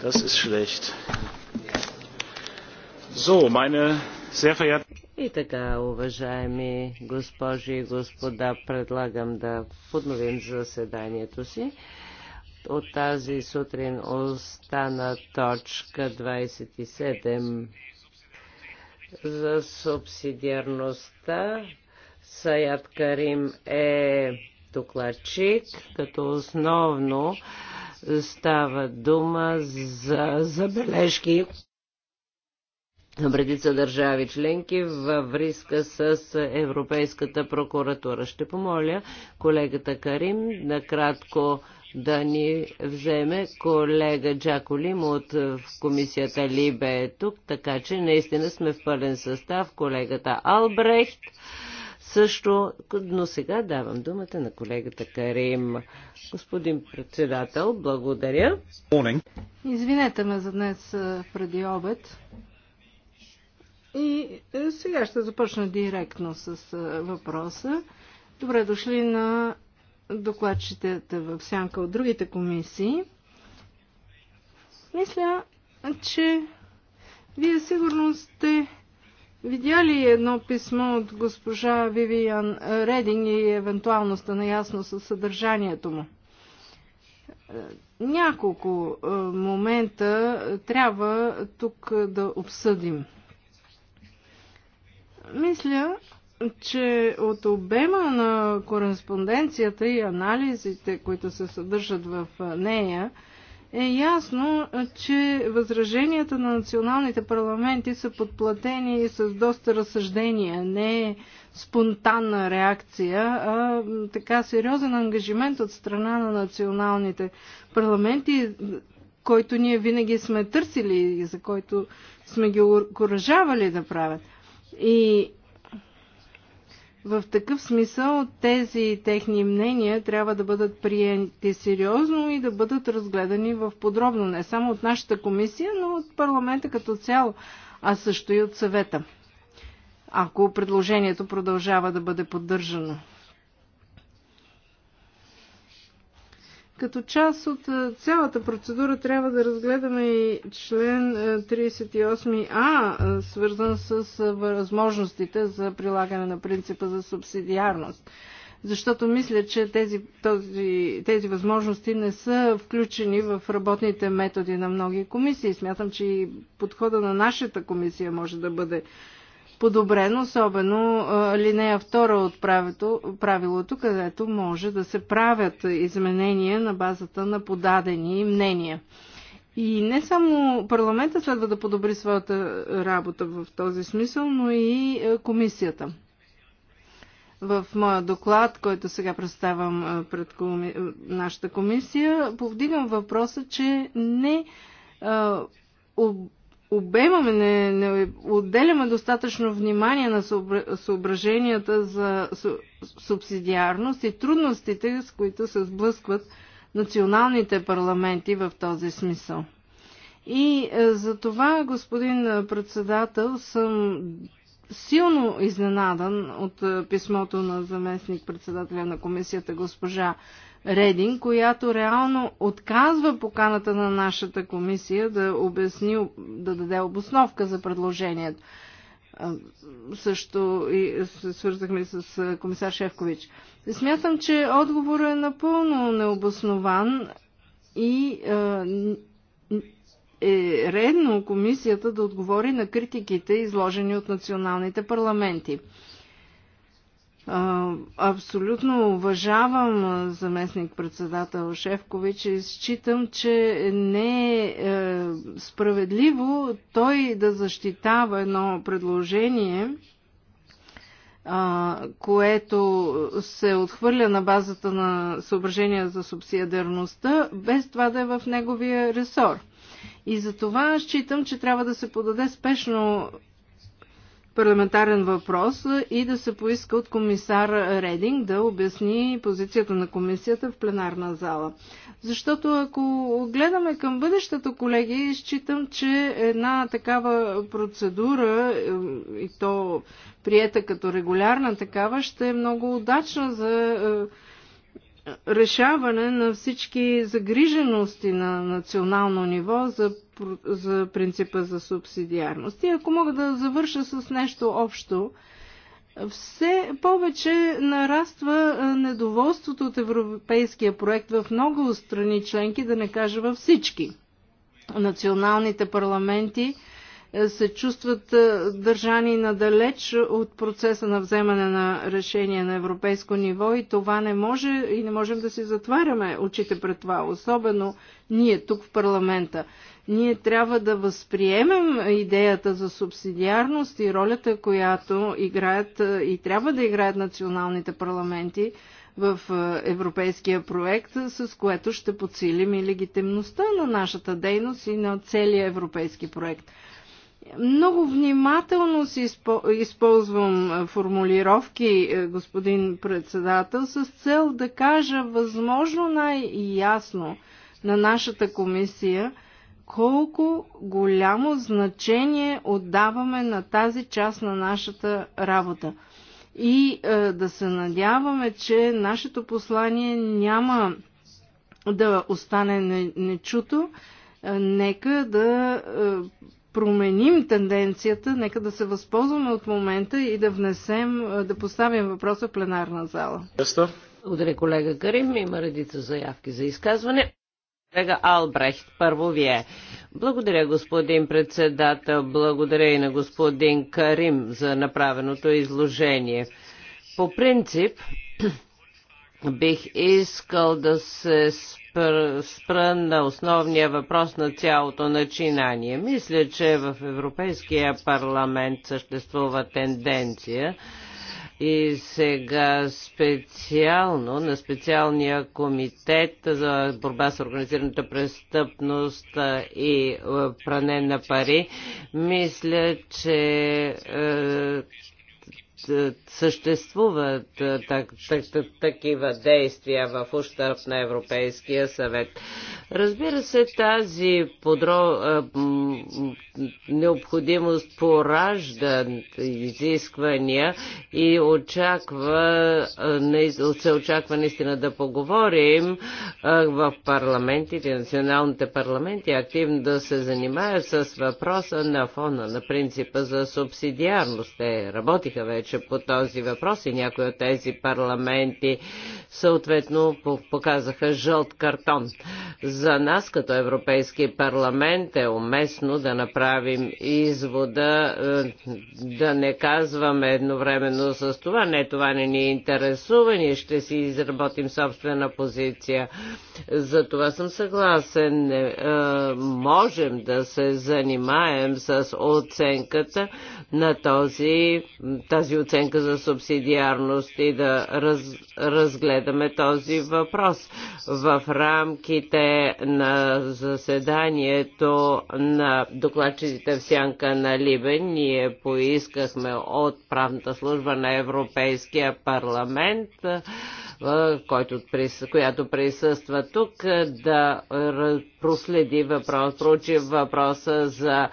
Das ist schlecht. So, meine sehr verehrten. И така, уважаеми госпожи и господа, предлагам да подновим заседанието си. От тази сутрин остана точка 27 за субсидиарността. Саят Карим е докладчик, като основно Става дума за забележки на редица държави членки във връзка с Европейската прокуратура. Ще помоля колегата Карим накратко да ни вземе колега Джаколим от комисията Либе е тук, така че наистина сме в пълен състав. Колегата Албрехт, също, но сега давам думата на колегата Карим. Господин председател, благодаря. Извинете ме за днес преди обед. И е, сега ще започна директно с въпроса. Добре дошли на докладчетата в сянка от другите комисии. Мисля, че вие сигурно сте Видя ли едно писмо от госпожа Вивиан Рединг и евентуално сте наясно със съдържанието му? Е, няколко е, момента трябва тук да обсъдим. Мисля, че от обема на кореспонденцията и анализите, които се съдържат в нея, е ясно, че възраженията на националните парламенти са подплатени с доста разсъждения, не спонтанна реакция, а така сериозен ангажимент от страна на националните парламенти, който ние винаги сме търсили и за който сме ги окоръжавали да правят. И в такъв смисъл тези техни мнения трябва да бъдат приети сериозно и да бъдат разгледани в подробно, не само от нашата комисия, но от парламента като цяло, а също и от съвета, ако предложението продължава да бъде поддържано. Като част от цялата процедура трябва да разгледаме и член 38а, свързан с възможностите за прилагане на принципа за субсидиарност. Защото мисля, че тези, този, тези възможности не са включени в работните методи на многи комисии. Смятам, че и подхода на нашата комисия може да бъде подобрен, особено линея 2 от правилото, правилото, където може да се правят изменения на базата на подадени мнения. И не само парламента следва да подобри своята работа в този смисъл, но и комисията. В моя доклад, който сега представям пред коми... нашата комисия, повдигам въпроса, че не об обемаме, не, не отделяме достатъчно внимание на съображенията за субсидиарност и трудностите, с които се сблъскват националните парламенти в този смисъл. И е, за това, господин председател, съм силно изненадан от е, писмото на заместник председателя на комисията госпожа Редин, която реално отказва поканата на нашата комисия да обясни, да даде обосновка за предложението. Също и се свързахме с комисар Шевкович. Смятам, че отговорът е напълно необоснован и е редно комисията да отговори на критиките, изложени от националните парламенти. Абсолютно уважавам заместник-председател Шефкович и считам, че не е, е справедливо той да защитава едно предложение, което се отхвърля на базата на съображения за субсидиарността, без това да е в неговия ресор. И за това считам, че трябва да се подаде спешно парламентарен въпрос и да се поиска от комисар Рединг да обясни позицията на комисията в пленарна зала. Защото ако гледаме към бъдещето, колеги, считам, че една такава процедура е, и то приета като регулярна такава ще е много удачна за е, решаване на всички загрижености на национално ниво за за принципа за субсидиарност. И ако мога да завърша с нещо общо, все повече нараства недоволството от европейския проект в много страни членки, да не кажа във всички. Националните парламенти се чувстват държани надалеч от процеса на вземане на решения на европейско ниво и това не може и не можем да си затваряме очите пред това, особено ние тук в парламента. Ние трябва да възприемем идеята за субсидиарност и ролята, която играят и трябва да играят националните парламенти в европейския проект, с което ще подсилим и легитимността на нашата дейност и на целия европейски проект много внимателно си използвам формулировки, господин председател, с цел да кажа възможно най-ясно на нашата комисия колко голямо значение отдаваме на тази част на нашата работа. И е, да се надяваме, че нашето послание няма да остане нечуто. Не е, нека да е, променим тенденцията, нека да се възползваме от момента и да внесем, е, да поставим въпроса в пленарна зала. Благодаря, колега Карим. Има редица заявки за изказване. Колега Албрехт, първо вие. Благодаря, господин председател. Благодаря и на господин Карим за направеното изложение. По принцип, бих искал да се спра, спра на основния въпрос на цялото начинание. Мисля, че в Европейския парламент съществува тенденция и сега специално на специалния комитет за борба с организираната престъпност и пране на пари, мисля, че съществуват так, так, так, такива действия в ущърп на Европейския съвет. Разбира се, тази подро... Е, необходимост поражда изисквания и очаква, е, се очаква наистина да поговорим е, в парламентите, националните парламенти, активно да се занимаят с въпроса на фона на принципа за субсидиарност. Те работиха вече по този въпрос и някои от тези парламенти съответно показаха жълт картон. За нас като Европейски парламент е уместно да направим извода, е, да не казваме едновременно с това, не това не ни е интересува, ние ще си изработим собствена позиция. За това съм съгласен. Е, можем да се занимаем с оценката на този, тази оценка за субсидиарност и да раз, разгледаме разгледаме този въпрос. В рамките на заседанието на докладчиците в Сянка на Либе ние поискахме от правната служба на Европейския парламент който, която присъства тук, да проследи въпрос, проучи въпроса за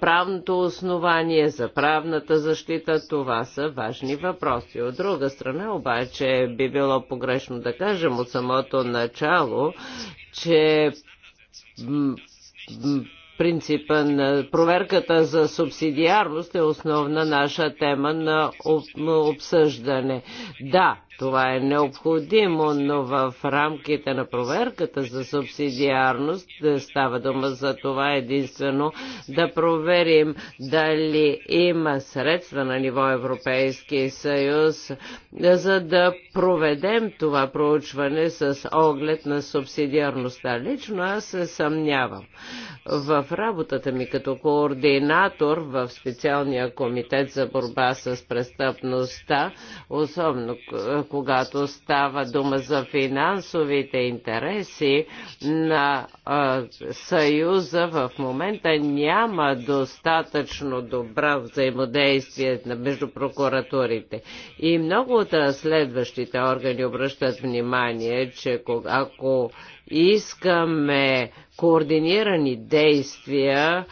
правното основание, за правната защита, това са важни въпроси. От друга страна обаче би било погрешно да кажем от самото начало, че принципа на проверката за субсидиарност е основна наша тема на обсъждане. Да, това е необходимо, но в рамките на проверката за субсидиарност е, става дума за това единствено да проверим дали има средства на ниво Европейски съюз, е, за да проведем това проучване с оглед на субсидиарността. Лично аз се съмнявам. В работата ми като координатор в специалния комитет за борба с престъпността, особено е, когато става дума за финансовите интереси на а, Съюза, в момента няма достатъчно добра взаимодействие между прокуратурите. И много от разследващите органи обръщат внимание, че ако искаме координирани действия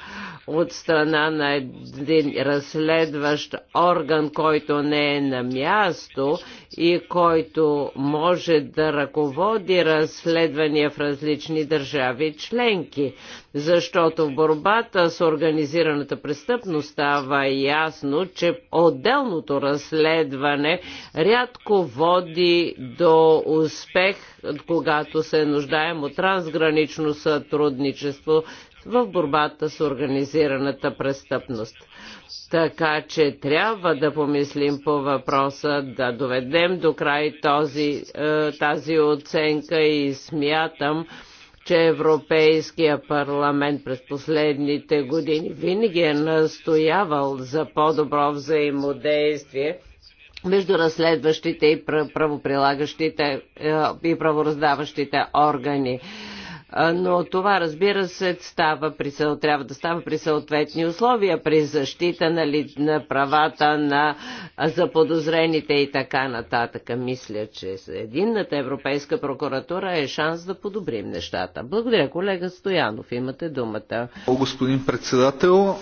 от страна на един разследващ орган, който не е на място и който може да ръководи разследвания в различни държави членки. Защото в борбата с организираната престъпност става ясно, че отделното разследване рядко води до успех, когато се нуждаем от трансгранично сътрудничество сътрудничество в борбата с организираната престъпност. Така че трябва да помислим по въпроса, да доведем до край този, е, тази оценка и смятам, че Европейския парламент през последните години винаги е настоявал за по-добро взаимодействие между разследващите и правоприлагащите е, и правораздаващите органи но това разбира се става при, трябва да става при съответни условия, при защита на, ли, на правата на заподозрените и така нататък. Мисля, че единната Европейска прокуратура е шанс да подобрим нещата. Благодаря, колега Стоянов. Имате думата. Господин председател,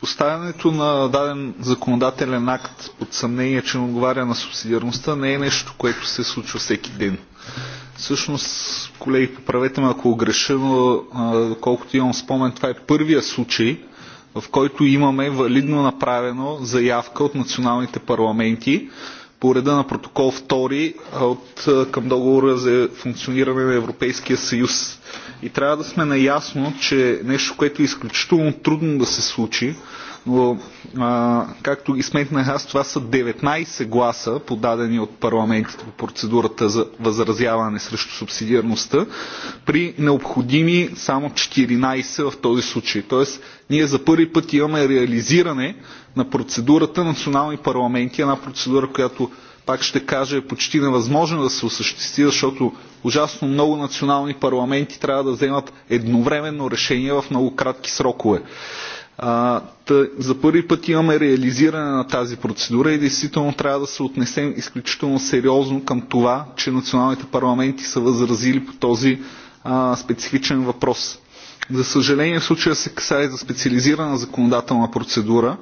Поставянето на даден законодателен акт под съмнение, че не отговаря на субсидиарността, не е нещо, което се случва всеки ден. Всъщност, колеги, поправете ме ако греша, но колкото имам спомен, това е първия случай, в който имаме валидно направено заявка от националните парламенти по реда на протокол 2 от, към договора за функциониране на Европейския съюз. И трябва да сме наясно, че нещо, което е изключително трудно да се случи, но а, както ги сметнах аз, това са 19 гласа, подадени от парламентите по процедурата за възразяване срещу субсидиарността, при необходими само 14 в този случай. Тоест, ние за първи път имаме реализиране на процедурата национални парламенти, една процедура, която пак ще кажа, е почти невъзможно да се осъществи, защото ужасно много национални парламенти трябва да вземат едновременно решение в много кратки срокове. А, тъ, за първи път имаме реализиране на тази процедура и действително трябва да се отнесем изключително сериозно към това, че националните парламенти са възразили по този а, специфичен въпрос. За съжаление в случая се касае за специализирана законодателна процедура,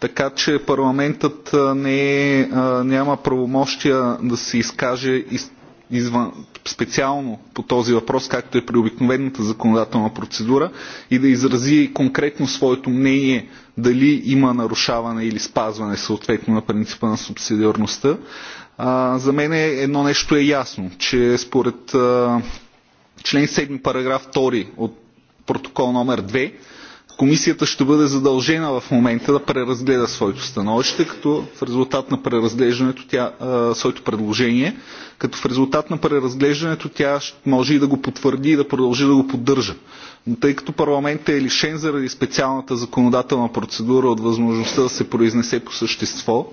така че парламентът не е, няма правомощия да се изкаже из, извън, специално по този въпрос, както е при обикновената законодателна процедура, и да изрази конкретно своето мнение дали има нарушаване или спазване съответно на принципа на субсидиарността. за мен е, едно нещо е ясно, че според а, член 7 параграф 2 от протокол номер 2 комисията ще бъде задължена в момента да преразгледа своето становище, като в резултат на преразглеждането тя, а, своето предложение, като в резултат на преразглеждането тя може и да го потвърди и да продължи да го поддържа. Но тъй като парламентът е лишен заради специалната законодателна процедура от възможността да се произнесе по същество,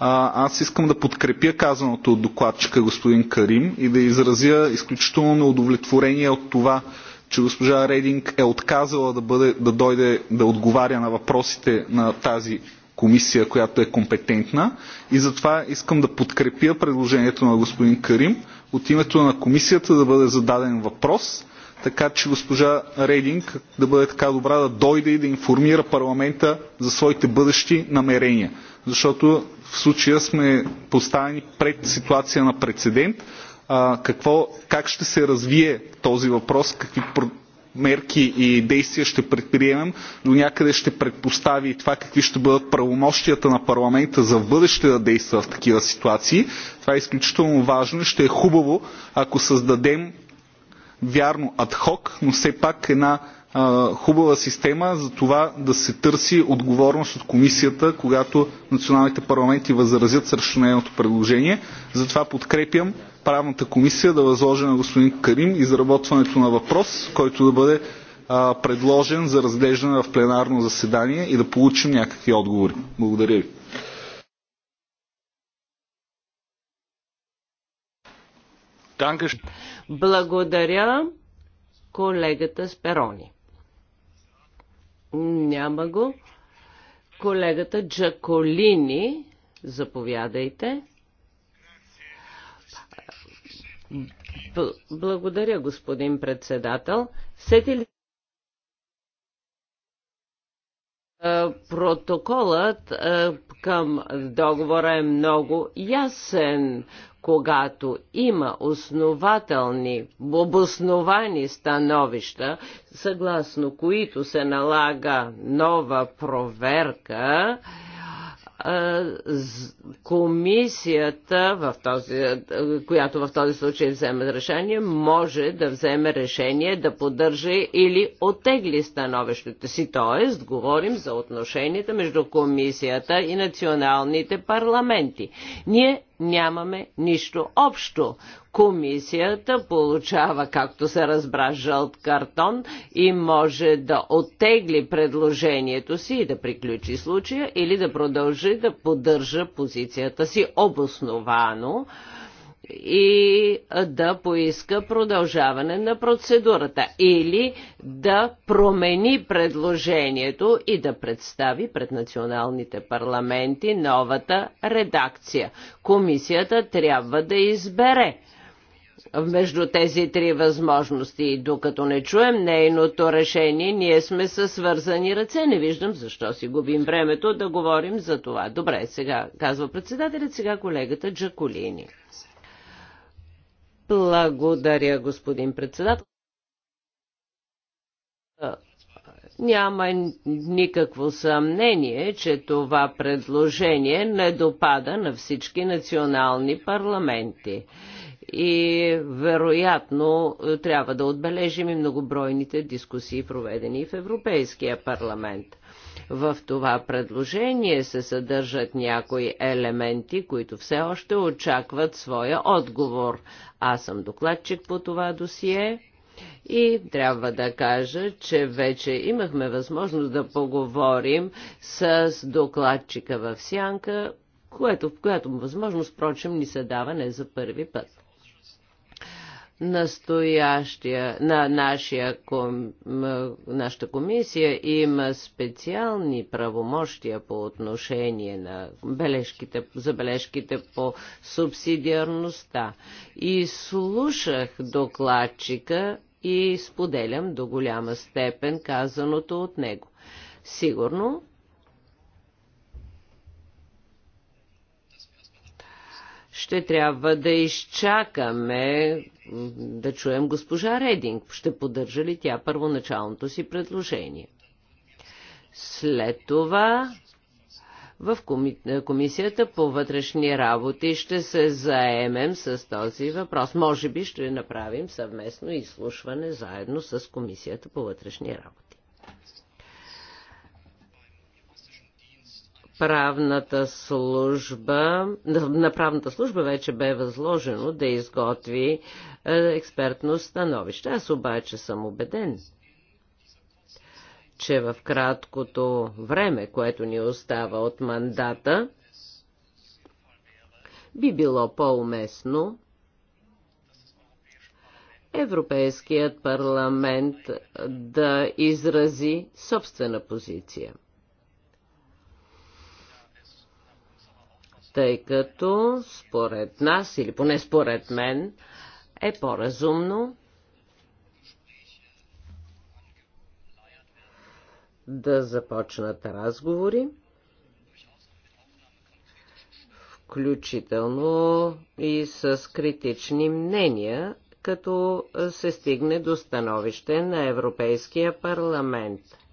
а, аз искам да подкрепя казаното от докладчика господин Карим и да изразя изключително неудовлетворение от това, че госпожа Рейдинг е отказала да, бъде, да дойде да отговаря на въпросите на тази комисия, която е компетентна. И затова искам да подкрепя предложението на господин Карим от името на комисията да бъде зададен въпрос, така че госпожа Рейдинг да бъде така добра да дойде и да информира парламента за своите бъдещи намерения. Защото в случая сме поставени пред ситуация на прецедент, а, какво, как ще се развие този въпрос, какви мерки и действия ще предприемем, до някъде ще предпостави това какви ще бъдат правомощията на парламента за бъдеще да действа в такива ситуации. Това е изключително важно и ще е хубаво, ако създадем вярно адхок, но все пак една хубава система за това да се търси отговорност от комисията, когато националните парламенти възразят срещу нейното предложение. Затова подкрепям правната комисия да възложи на господин Карим изработването на въпрос, който да бъде а, предложен за разглеждане в пленарно заседание и да получим някакви отговори. Благодаря ви. Благодаря колегата Сперони. Няма го. Колегата Джаколини, заповядайте. Б благодаря, господин председател. Сети ли протоколът към договора е много ясен когато има основателни, обосновани становища, съгласно които се налага нова проверка, комисията, в този, която в този случай вземе решение, може да вземе решение да поддържа или отегли становището си. Тоест, говорим за отношенията между комисията и националните парламенти. Ние нямаме нищо общо. Комисията получава, както се разбра, жълт картон и може да оттегли предложението си и да приключи случая или да продължи да поддържа позицията си обосновано и да поиска продължаване на процедурата или да промени предложението и да представи пред националните парламенти новата редакция. Комисията трябва да избере между тези три възможности и докато не чуем нейното решение, ние сме със свързани ръце. Не виждам защо си губим времето да говорим за това. Добре, сега, казва председателят, сега колегата Джаколини. Благодаря, господин председател. Няма никакво съмнение, че това предложение не допада на всички национални парламенти. И вероятно трябва да отбележим и многобройните дискусии, проведени в Европейския парламент. В това предложение се съдържат някои елементи, които все още очакват своя отговор. Аз съм докладчик по това досие. И трябва да кажа, че вече имахме възможност да поговорим с докладчика в Сянка, което, в която възможност, впрочем, ни се дава не за първи път настоящия, на нашия, ком, нашата комисия има специални правомощия по отношение на бележките, забележките по субсидиарността. И слушах докладчика и споделям до голяма степен казаното от него. Сигурно ще трябва да изчакаме да чуем госпожа Рединг. Ще поддържа ли тя първоначалното си предложение? След това в Комисията по вътрешни работи ще се заемем с този въпрос. Може би ще направим съвместно изслушване заедно с Комисията по вътрешни работи. правната служба, на правната служба вече бе възложено да изготви е, експертно становище. Аз обаче съм убеден, че в краткото време, което ни остава от мандата, би било по-уместно Европейският парламент да изрази собствена позиция. тъй като според нас, или поне според мен, е по-разумно да започнат разговори, включително и с критични мнения, като се стигне до становище на Европейския парламент –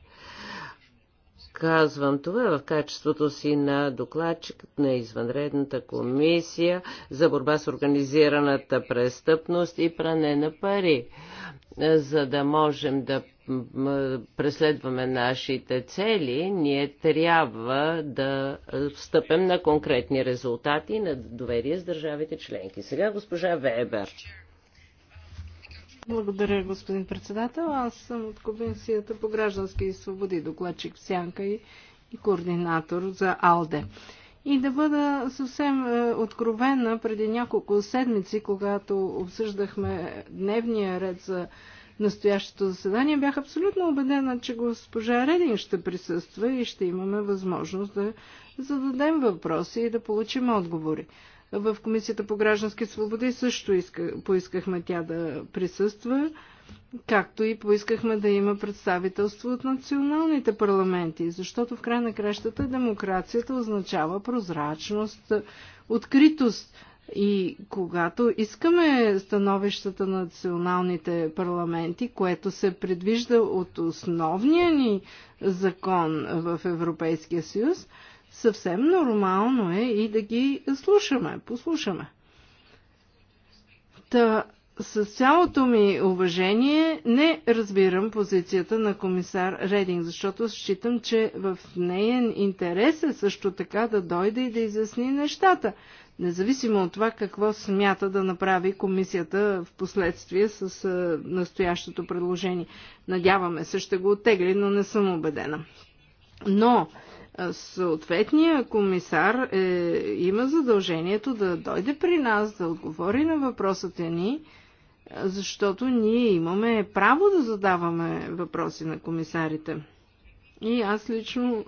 Казвам това в качеството си на докладчик на извънредната комисия за борба с организираната престъпност и пране на пари, за да можем да преследваме нашите цели, ние трябва да встъпим на конкретни резултати и на доверие с държавите членки. Сега госпожа Вебер. Благодаря, господин председател. Аз съм от Комисията по граждански свободи, докладчик в Сянка и, и координатор за АЛДЕ. И да бъда съвсем е, откровена, преди няколко седмици, когато обсъждахме дневния ред за настоящото заседание, бях абсолютно убедена, че госпожа Редин ще присъства и ще имаме възможност да зададем въпроси и да получим отговори. В Комисията по граждански свободи също иска, поискахме тя да присъства, както и поискахме да има представителство от националните парламенти, защото в край на кращата демокрацията означава прозрачност, откритост. И когато искаме становищата на националните парламенти, което се предвижда от основния ни закон в Европейския съюз, съвсем нормално е и да ги слушаме, послушаме. Та, с цялото ми уважение не разбирам позицията на комисар Рединг, защото считам, че в неен интерес е също така да дойде и да изясни нещата, независимо от това какво смята да направи комисията в последствие с настоящото предложение. Надяваме се, ще го оттегли, но не съм убедена. Но съответния комисар е, има задължението да дойде при нас, да отговори на въпросите ни, защото ние имаме право да задаваме въпроси на комисарите. И аз лично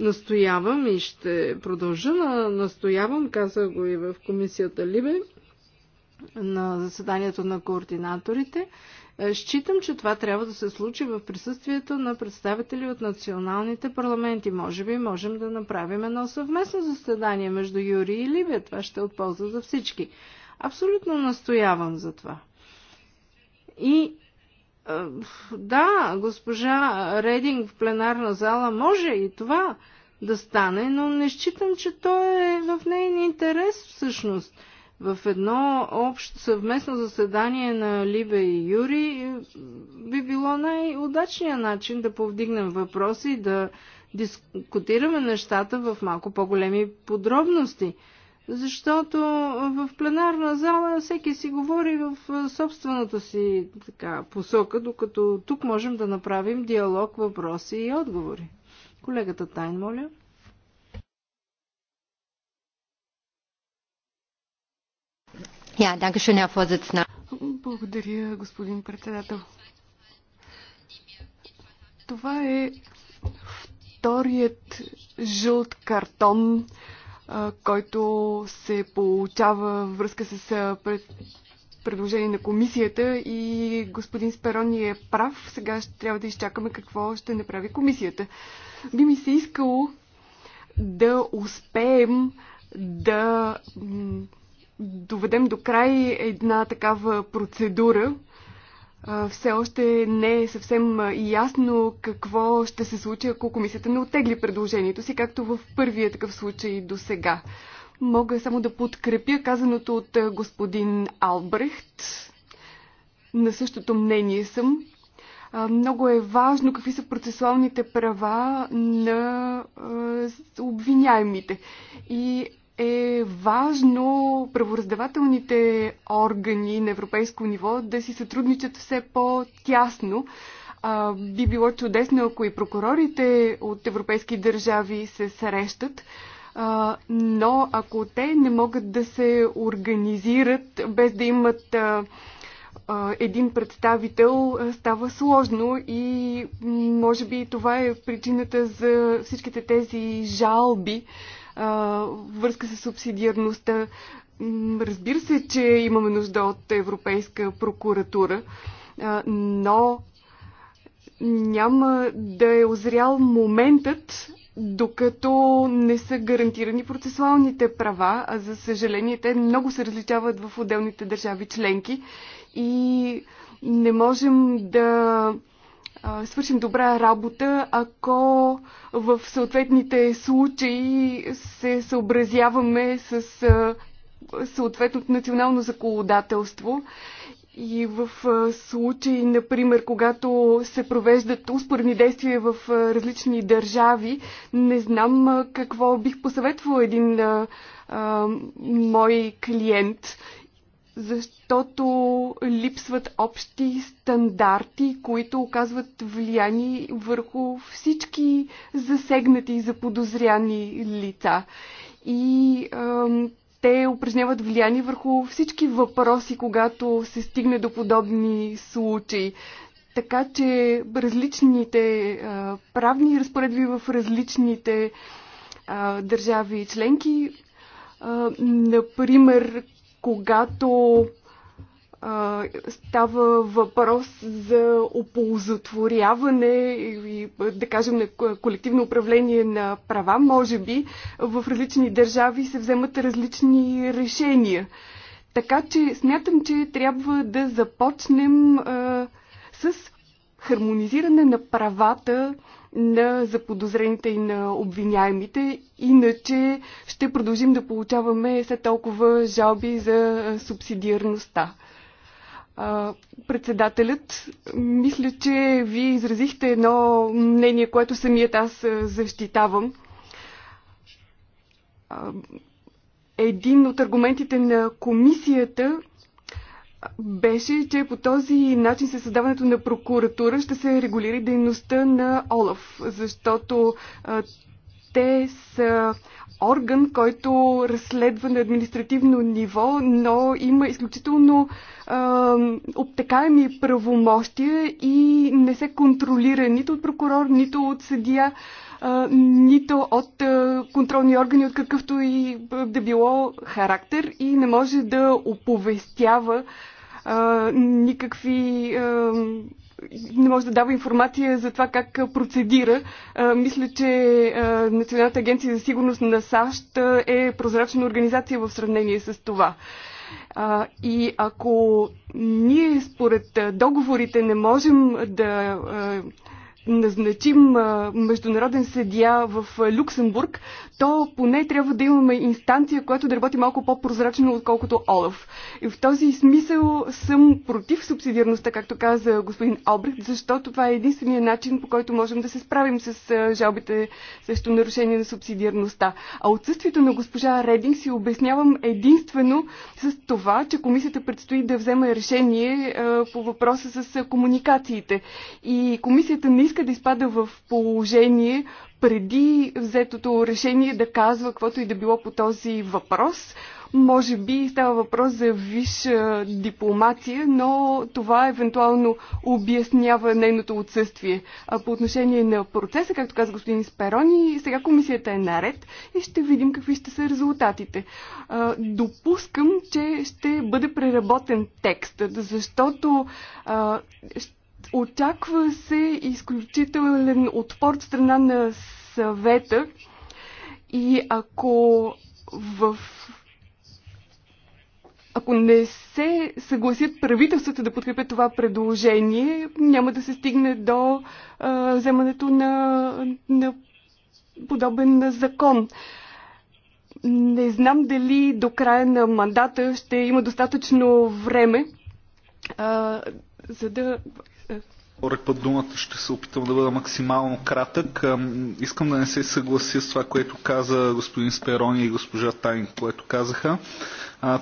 настоявам и ще продължа на настоявам, каза го и в комисията Либе, на заседанието на координаторите, е, считам, че това трябва да се случи в присъствието на представители от националните парламенти. Може би можем да направим едно съвместно заседание между Юри и Ливия. Това ще е от полза за всички. Абсолютно настоявам за това. И е, да, госпожа Рединг в пленарна зала може и това да стане, но не считам, че то е в нейния интерес всъщност – в едно общо съвместно заседание на Либе и Юри би било най-удачният начин да повдигнем въпроси и да дискутираме нещата в малко по-големи подробности. Защото в пленарна зала всеки си говори в собствената си така, посока, докато тук можем да направим диалог, въпроси и отговори. Колегата Тайн, моля. Благодаря, господин председател. Това е вторият жълт картон, който се получава връзка с предложение на комисията и господин Сперони е прав. Сега ще трябва да изчакаме какво ще направи комисията. Би ми се искало да успеем да доведем до край една такава процедура. Все още не е съвсем ясно какво ще се случи, ако комисията не отегли предложението си, както в първия такъв случай до сега. Мога само да подкрепя казаното от господин Албрехт. На същото мнение съм. Много е важно какви са процесуалните права на обвиняемите. И е важно правораздавателните органи на европейско ниво да си сътрудничат все по-тясно. би било чудесно, ако и прокурорите от европейски държави се срещат, а, но ако те не могат да се организират без да имат а, един представител става сложно и може би това е причината за всичките тези жалби връзка с субсидиарността. Разбира се, че имаме нужда от Европейска прокуратура, но няма да е озрял моментът, докато не са гарантирани процесуалните права, а за съжаление те много се различават в отделните държави членки и не можем да свършим добра работа, ако в съответните случаи се съобразяваме с съответното национално законодателство. И в случаи, например, когато се провеждат успорни действия в различни държави, не знам какво бих посъветвал един а, мой клиент защото липсват общи стандарти, които оказват влияние върху всички засегнати и заподозряни лица. И е, те упражняват влияние върху всички въпроси, когато се стигне до подобни случаи. Така че различните е, правни разпоредби в различните е, държави и членки например, когато а, става въпрос за оползотворяване и, да кажем, на колективно управление на права, може би в различни държави се вземат различни решения. Така че смятам, че трябва да започнем а, с хармонизиране на правата на заподозрените и на обвиняемите. Иначе ще продължим да получаваме все толкова жалби за субсидиарността. Председателят, мисля, че вие изразихте едно мнение, което самият аз защитавам един от аргументите на комисията беше, че по този начин със създаването на прокуратура ще се регулира дейността на ОЛАФ, защото а, те са орган, който разследва на административно ниво, но има изключително а, обтекаеми правомощия и не се контролира нито от прокурор, нито от съдия нито от контролни органи от какъвто и да било характер и не може да оповестява никакви не може да дава информация за това как процедира. Мисля, че Националната агенция за сигурност на САЩ е прозрачна организация в сравнение с това. И ако ние според договорите не можем да назначим международен съдия в Люксембург, то поне трябва да имаме инстанция, която да работи малко по-прозрачно, отколкото Олаф. И в този смисъл съм против субсидиарността, както каза господин Албрехт, защото това е единствения начин, по който можем да се справим с жалбите срещу нарушение на субсидиарността. А отсъствието на госпожа Рединг си обяснявам единствено с това, че комисията предстои да вземе решение по въпроса с комуникациите. И комисията не иска иска да изпада в положение преди взетото решение да казва каквото и да било по този въпрос. Може би става въпрос за висша дипломация, но това евентуално обяснява нейното отсъствие. А по отношение на процеса, както каза господин Сперони, сега комисията е наред и ще видим какви ще са резултатите. А, допускам, че ще бъде преработен текст, защото а, ще Очаква се изключителен отпор от страна на съвета и ако в ако не се съгласят правителствата да подкрепят това предложение, няма да се стигне до а, вземането на, на подобен закон. Не знам дали до края на мандата ще има достатъчно време, а, за да Втори път думата ще се опитам да бъда максимално кратък. Искам да не се съглася с това, което каза господин Сперони и госпожа Тайн, което казаха,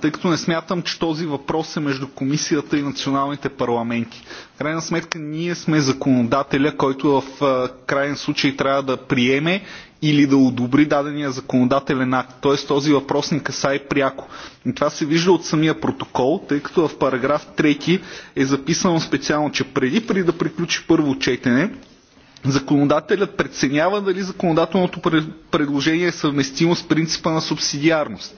тъй като не смятам, че този въпрос е между комисията и националните парламенти. В крайна сметка ние сме законодателя, който в крайен случай трябва да приеме или да одобри дадения законодателен акт. Т.е. този въпрос не касае пряко. И това се вижда от самия протокол, тъй като в параграф 3 е записано специално, че преди, преди да приключи първо четене, законодателят преценява дали законодателното предложение е съвместимо с принципа на субсидиарност.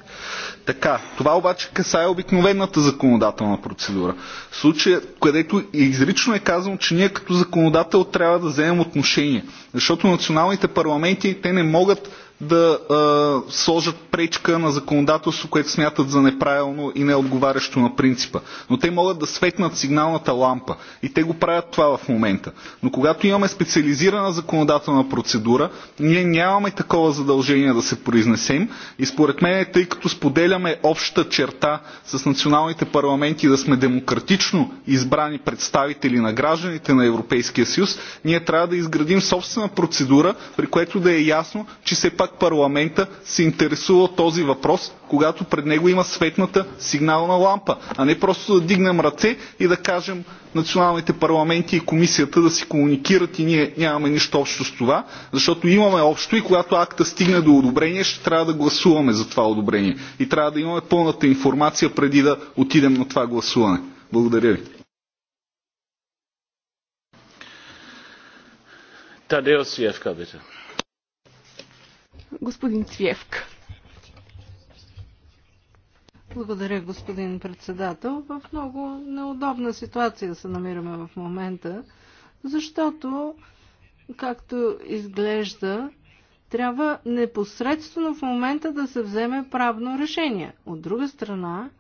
Така, това обаче касае обикновената законодателна процедура. В случая, където изрично е казано, че ние като законодател трябва да вземем отношение, защото националните парламенти те не могат да а, сложат пречка на законодателство, което смятат за неправилно и неотговарящо на принципа. Но те могат да светнат сигналната лампа и те го правят това в момента. Но когато имаме специализирана законодателна процедура, ние нямаме такова задължение да се произнесем и според мен, тъй като споделяме обща черта с националните парламенти да сме демократично избрани представители на гражданите на Европейския съюз, ние трябва да изградим собствена процедура, при което да е ясно, че все пак пак парламента се интересува от този въпрос, когато пред него има светната сигнална лампа, а не просто да дигнем ръце и да кажем националните парламенти и комисията да си комуникират и ние нямаме нищо общо с това, защото имаме общо и когато акта стигне до одобрение, ще трябва да гласуваме за това одобрение. И трябва да имаме пълната информация преди да отидем на това гласуване. Благодаря ви. Tadeusz Jewka, bitte господин Цвевка. Благодаря, господин председател. В много неудобна ситуация се намираме в момента, защото, както изглежда, трябва непосредствено в момента да се вземе правно решение. От друга страна,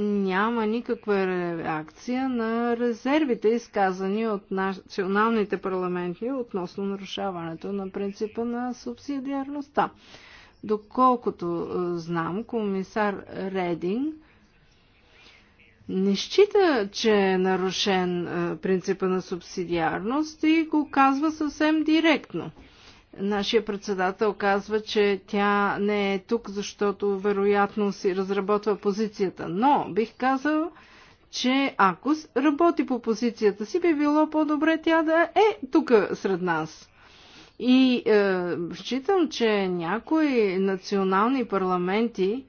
няма никаква реакция на резервите, изказани от националните парламенти относно нарушаването на принципа на субсидиарността. Доколкото е, знам, комисар Рединг не счита, че е нарушен е, принципа на субсидиарност и го казва съвсем директно – Нашия председател казва, че тя не е тук, защото вероятно си разработва позицията. Но бих казал, че ако работи по позицията си, би било по-добре тя да е тук сред нас. И е, считам, че някои национални парламенти,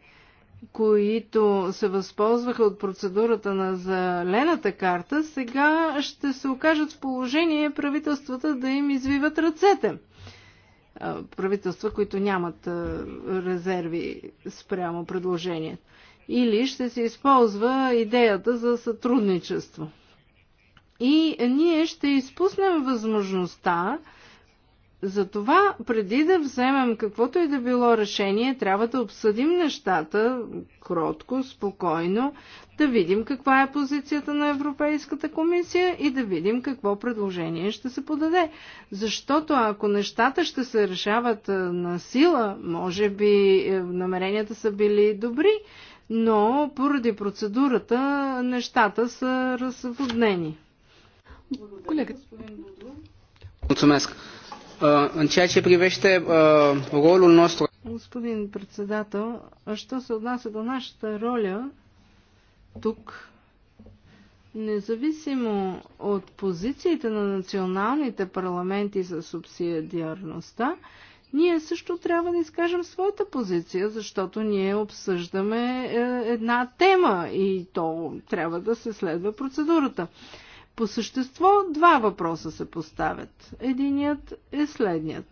които се възползваха от процедурата на зелената карта, сега ще се окажат в положение правителствата да им извиват ръцете правителства, които нямат резерви спрямо предложението. Или ще се използва идеята за сътрудничество. И ние ще изпуснем възможността затова, преди да вземем каквото и да било решение, трябва да обсъдим нещата кротко, спокойно, да видим каква е позицията на Европейската комисия и да видим какво предложение ще се подаде. Защото ако нещата ще се решават на сила, може би е, намеренията са били добри, но поради процедурата нещата са разводнени. Благодаря, господин Благодаря în ceea ce privește rolul nostru. Господин председател, що се отнася до нашата роля тук, независимо от позициите на националните парламенти за субсидиарността, ние също трябва да изкажем своята позиция, защото ние обсъждаме е, една тема и то трябва да се следва процедурата. По същество два въпроса се поставят. Единият е следният.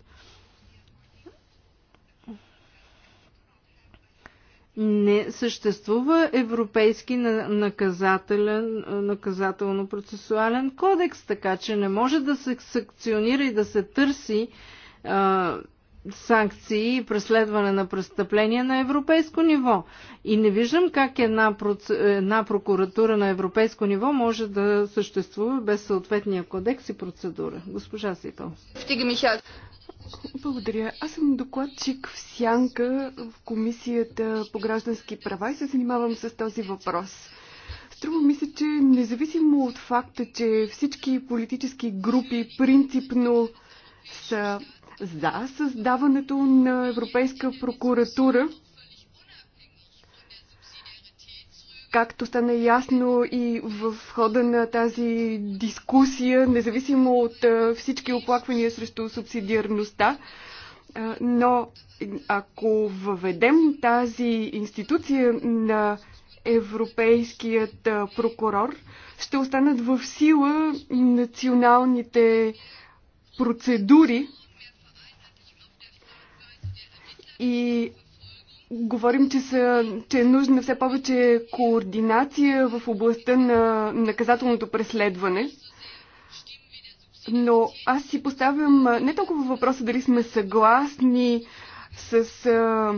не съществува европейски наказателен, наказателно-процесуален кодекс, така че не може да се санкционира и да се търси а, санкции и преследване на престъпления на европейско ниво. И не виждам как една, проц... една прокуратура на европейско ниво може да съществува без съответния кодекс и процедура. Госпожа Сипъл. Благодаря. Аз съм докладчик в Сянка в Комисията по граждански права и се занимавам с този въпрос. Струва ми се, че независимо от факта, че всички политически групи принципно са за създаването на Европейска прокуратура. Както стана ясно и в хода на тази дискусия, независимо от всички оплаквания срещу субсидиарността, но ако въведем тази институция на европейският прокурор, ще останат в сила националните процедури, и говорим, че, са, че е нужна все повече координация в областта на наказателното преследване. Но аз си поставям не толкова въпроса дали сме съгласни с а,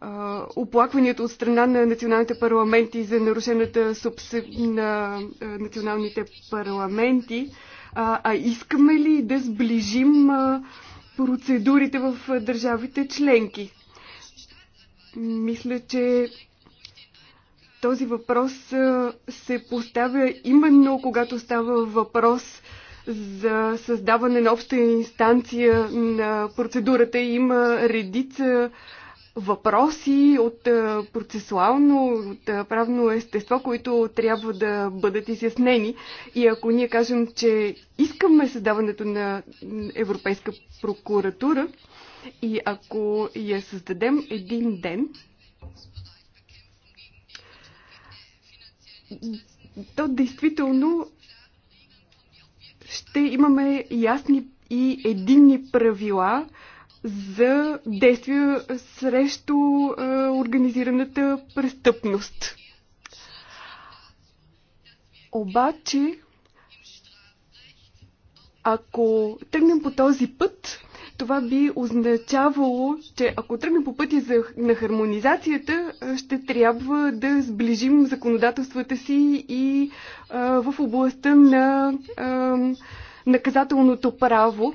а, оплакванията от страна на националните парламенти за нарушената субсидия на а, националните парламенти, а, а искаме ли да сближим а, процедурите в държавите членки. Мисля, че този въпрос се поставя именно когато става въпрос за създаване на обща инстанция на процедурата. Има редица въпроси от е, процесуално, от е, правно естество, които трябва да бъдат изяснени. И ако ние кажем, че искаме създаването на Европейска прокуратура и ако я създадем един ден, то действително ще имаме ясни и единни правила, за действия срещу а, организираната престъпност. Обаче, ако тръгнем по този път, това би означавало, че ако тръгнем по пътя за, на хармонизацията, ще трябва да сближим законодателствата си и а, в областта на а, наказателното право,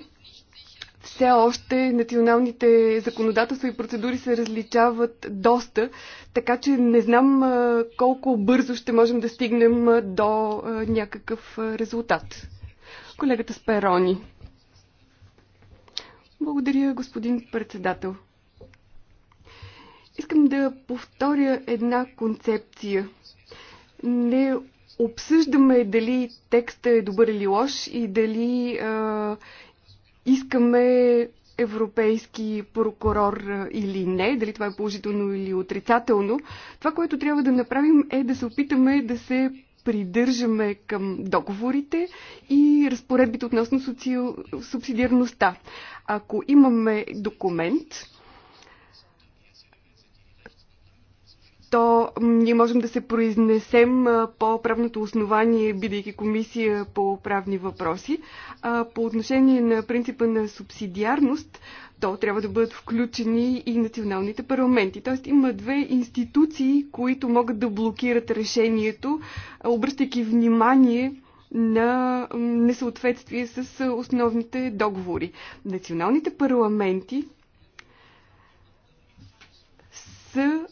все още националните законодателства и процедури се различават доста, така че не знам колко бързо ще можем да стигнем до някакъв резултат. Колегата Сперони. Благодаря, господин председател. Искам да повторя една концепция. Не обсъждаме дали текста е добър или лош и дали а, искаме европейски прокурор или не, дали това е положително или отрицателно, това, което трябва да направим е да се опитаме да се придържаме към договорите и разпоредбите относно субсидиарността. Ако имаме документ, то ние можем да се произнесем по правното основание, бидейки комисия по правни въпроси. А по отношение на принципа на субсидиарност, то трябва да бъдат включени и националните парламенти. Тоест има две институции, които могат да блокират решението, обръщайки внимание на несъответствие с основните договори. Националните парламенти са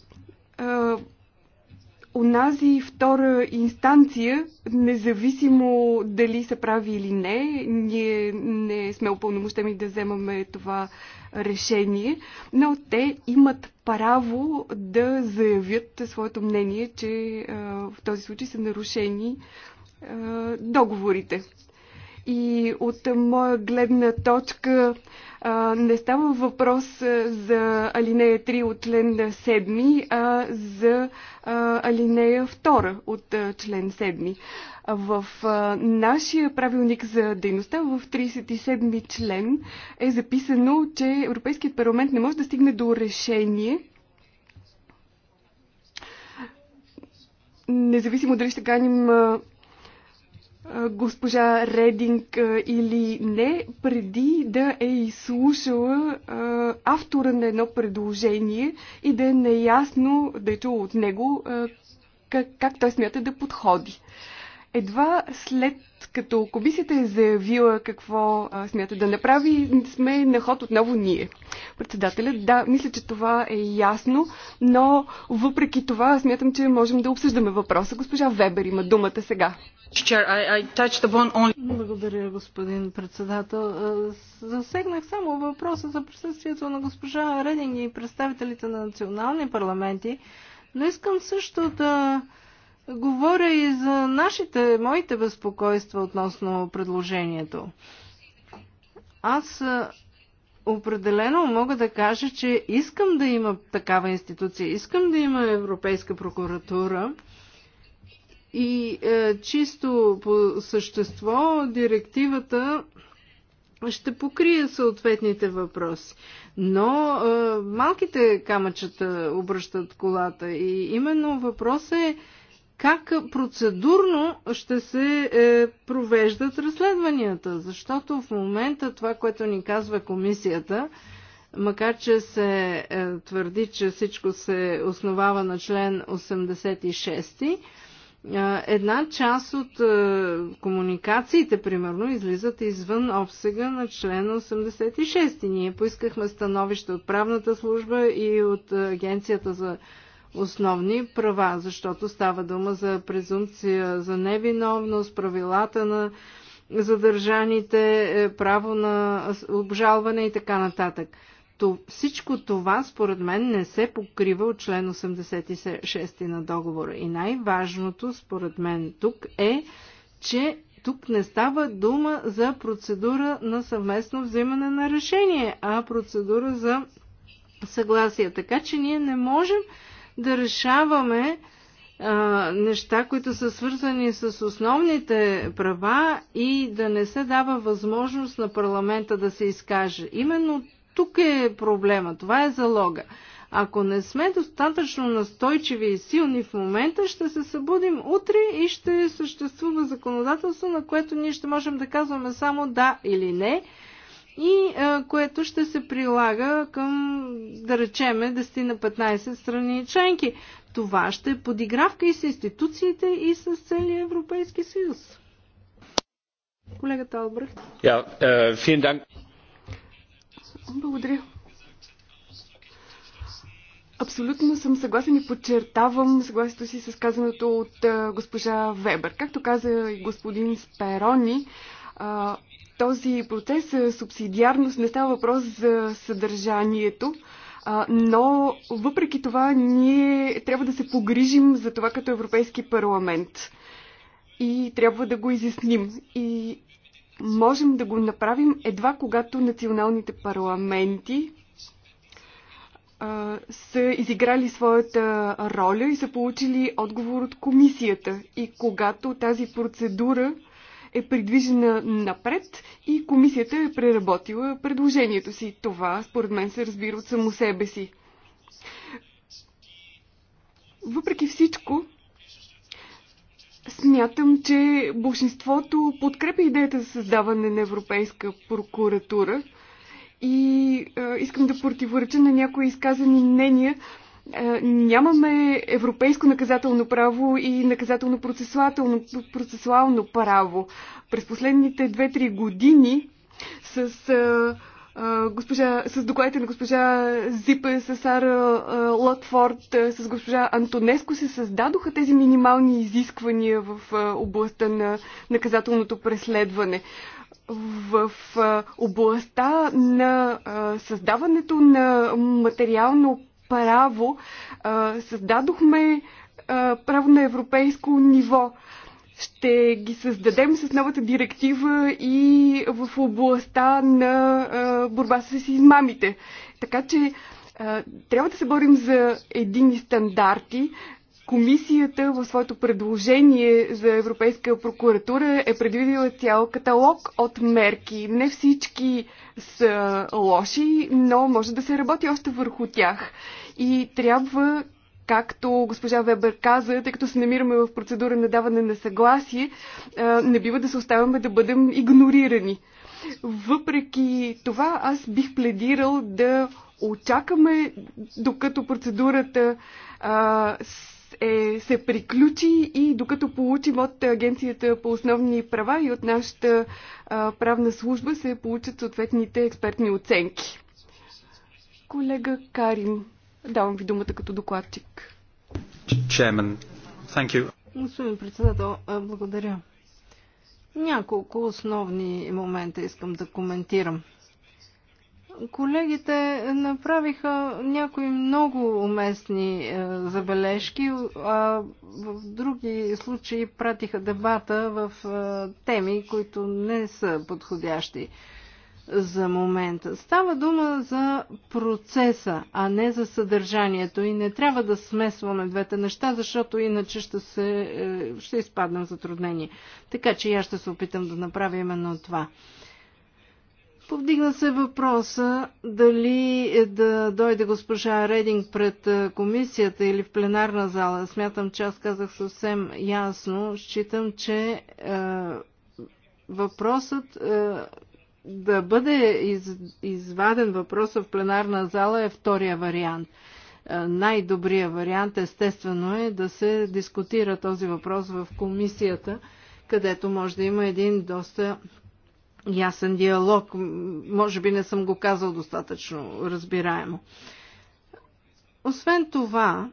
онази втора инстанция, независимо дали се прави или не, ние не сме упълномощени да вземаме това решение, но те имат право да заявят своето мнение, че в този случай са нарушени договорите. И от моя гледна точка а, не става въпрос за алинея 3 от член 7, а за а, алинея 2 от а, член 7. В а, нашия правилник за дейността в 37 ми член е записано, че Европейският парламент не може да стигне до решение независимо дали ще каним госпожа Рединг или не, преди да е изслушала автора на едно предложение и да е неясно, да е чула от него как, как той смята да подходи. Едва след като комисията е заявила какво а, смята да направи, сме на ход отново ние. Председателят, да, мисля, че това е ясно, но въпреки това смятам, че можем да обсъждаме въпроса. Госпожа Вебер има думата сега. Благодаря, господин председател. Засегнах само въпроса за присъствието на госпожа Рединг и представителите на национални парламенти, но искам също да Говоря и за нашите, моите безпокойства относно предложението. Аз определено мога да кажа, че искам да има такава институция, искам да има Европейска прокуратура и е, чисто по същество директивата ще покрие съответните въпроси. Но е, малките камъчета обръщат колата и именно въпрос е как процедурно ще се е, провеждат разследванията. Защото в момента това, което ни казва комисията, макар че се е, твърди, че всичко се основава на член 86, е, една част от е, комуникациите, примерно, излизат извън обсега на член 86. Ние поискахме становище от правната служба и от е, Агенцията за основни права, защото става дума за презумпция за невиновност, правилата на задържаните, е, право на обжалване и така нататък. То, всичко това, според мен, не се покрива от член 86 на договора. И най-важното, според мен, тук е, че тук не става дума за процедура на съвместно взимане на решение, а процедура за съгласие. Така че ние не можем да решаваме а, неща, които са свързани с основните права и да не се дава възможност на парламента да се изкаже. Именно тук е проблема, това е залога. Ако не сме достатъчно настойчиви и силни в момента, ще се събудим утре и ще съществува законодателство, на което ние ще можем да казваме само да или не, и а, което ще се прилага към, да речеме, 10 на 15 страни и членки. Това ще е подигравка и с институциите, и с целия Европейски съюз. Колегата Албрехт. Yeah, е, uh, Благодаря. Абсолютно съм съгласен и подчертавам съгласието си с казаното от е, госпожа Вебер. Както каза и господин Сперони, е, този процес е, субсидиарност не става въпрос за съдържанието, но въпреки това ние трябва да се погрижим за това като Европейски парламент и трябва да го изясним. И можем да го направим едва когато националните парламенти са изиграли своята роля и са получили отговор от комисията. И когато тази процедура е придвижена напред и комисията е преработила предложението си. Това, според мен, се разбира от само себе си. Въпреки всичко, смятам, че большинството подкрепя идеята за създаване на Европейска прокуратура и е, искам да противореча на някои изказани мнения е, нямаме европейско наказателно право и наказателно-процесуално право. През последните 2-3 години с, а, е, а, е, госпожа, с докладите на госпожа Зипе, с Сар Лотфорд, с госпожа Антонеско се създадоха тези минимални изисквания в а, областта на наказателното преследване в областта на създаването на материално право. Създадохме право на европейско ниво. Ще ги създадем с новата директива и в областта на борба с измамите. Така че трябва да се борим за едини стандарти, Комисията в своето предложение за Европейска прокуратура е предвидила цял каталог от мерки. Не всички са лоши, но може да се работи още върху тях. И трябва, както госпожа Вебер каза, тъй като се намираме в процедура на даване на съгласие, не бива да се оставяме да бъдем игнорирани. Въпреки това, аз бих пледирал да очакаме, докато процедурата а, е, се приключи и докато получим от Агенцията по основни права и от нашата а, правна служба се получат съответните експертни оценки. Колега Карин, давам ви думата като докладчик. Chairman, thank you. Господин председател, благодаря. Няколко основни момента искам да коментирам. Колегите направиха някои много уместни е, забележки, а в други случаи пратиха дебата в е, теми, които не са подходящи за момента. Става дума за процеса, а не за съдържанието и не трябва да смесваме двете неща, защото иначе ще, се, е, ще изпаднем в затруднение. Така че я ще се опитам да направя именно това. Повдигна се въпроса дали е да дойде госпожа Рединг пред комисията или в пленарна зала. Смятам, че аз казах съвсем ясно. Считам, че е, въпросът е, да бъде из, изваден въпроса в пленарна зала е втория вариант. Е, най-добрия вариант естествено е да се дискутира този въпрос в комисията, където може да има един доста ясен диалог. Може би не съм го казал достатъчно разбираемо. Освен това,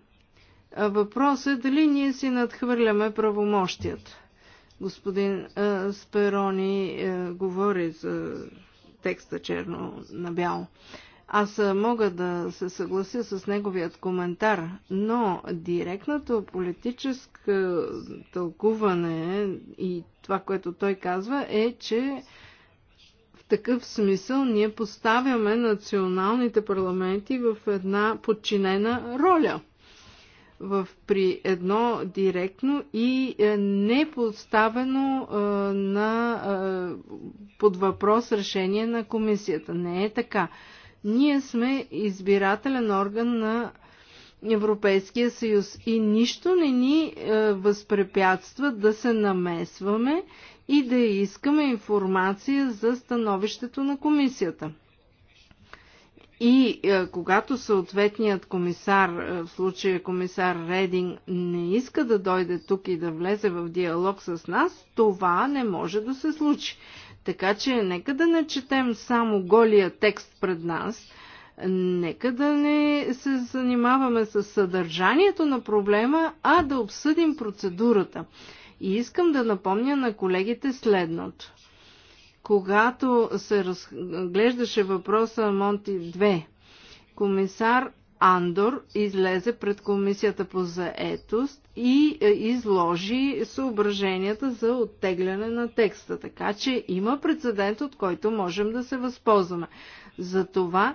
въпрос е дали ние си надхвърляме правомощията. Господин е, Сперони е, говори за текста черно на бяло. Аз мога да се съглася с неговият коментар, но директното политическо тълкуване и това, което той казва, е, че такъв смисъл ние поставяме националните парламенти в една подчинена роля. В, при едно директно и е, не поставено а, е, на, а, е, под въпрос решение на комисията. Не е така. Ние сме избирателен орган на Европейския съюз и нищо не ни е, възпрепятства да се намесваме и да искаме информация за становището на комисията. И е, когато съответният комисар, е, в случая комисар Рединг, не иска да дойде тук и да влезе в диалог с нас, това не може да се случи. Така че нека да не четем само голия текст пред нас, нека да не се занимаваме с съдържанието на проблема, а да обсъдим процедурата. И искам да напомня на колегите следното. Когато се разглеждаше въпроса Монти 2, комисар Андор излезе пред комисията по заетост и е, изложи съображенията за оттегляне на текста. Така че има прецедент, от който можем да се възползваме. Затова това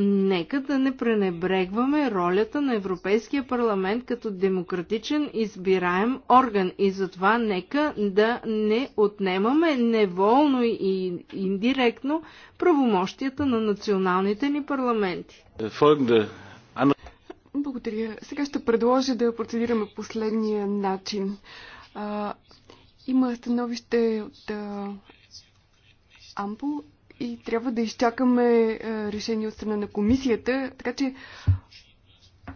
Нека да не пренебрегваме ролята на Европейския парламент като демократичен избираем орган и затова нека да не отнемаме неволно и индиректно правомощията на националните ни парламенти. Благодаря. Сега ще предложа да процедираме последния начин. А, има становище от а, Ампо и трябва да изчакаме е, решение от страна на комисията. Така че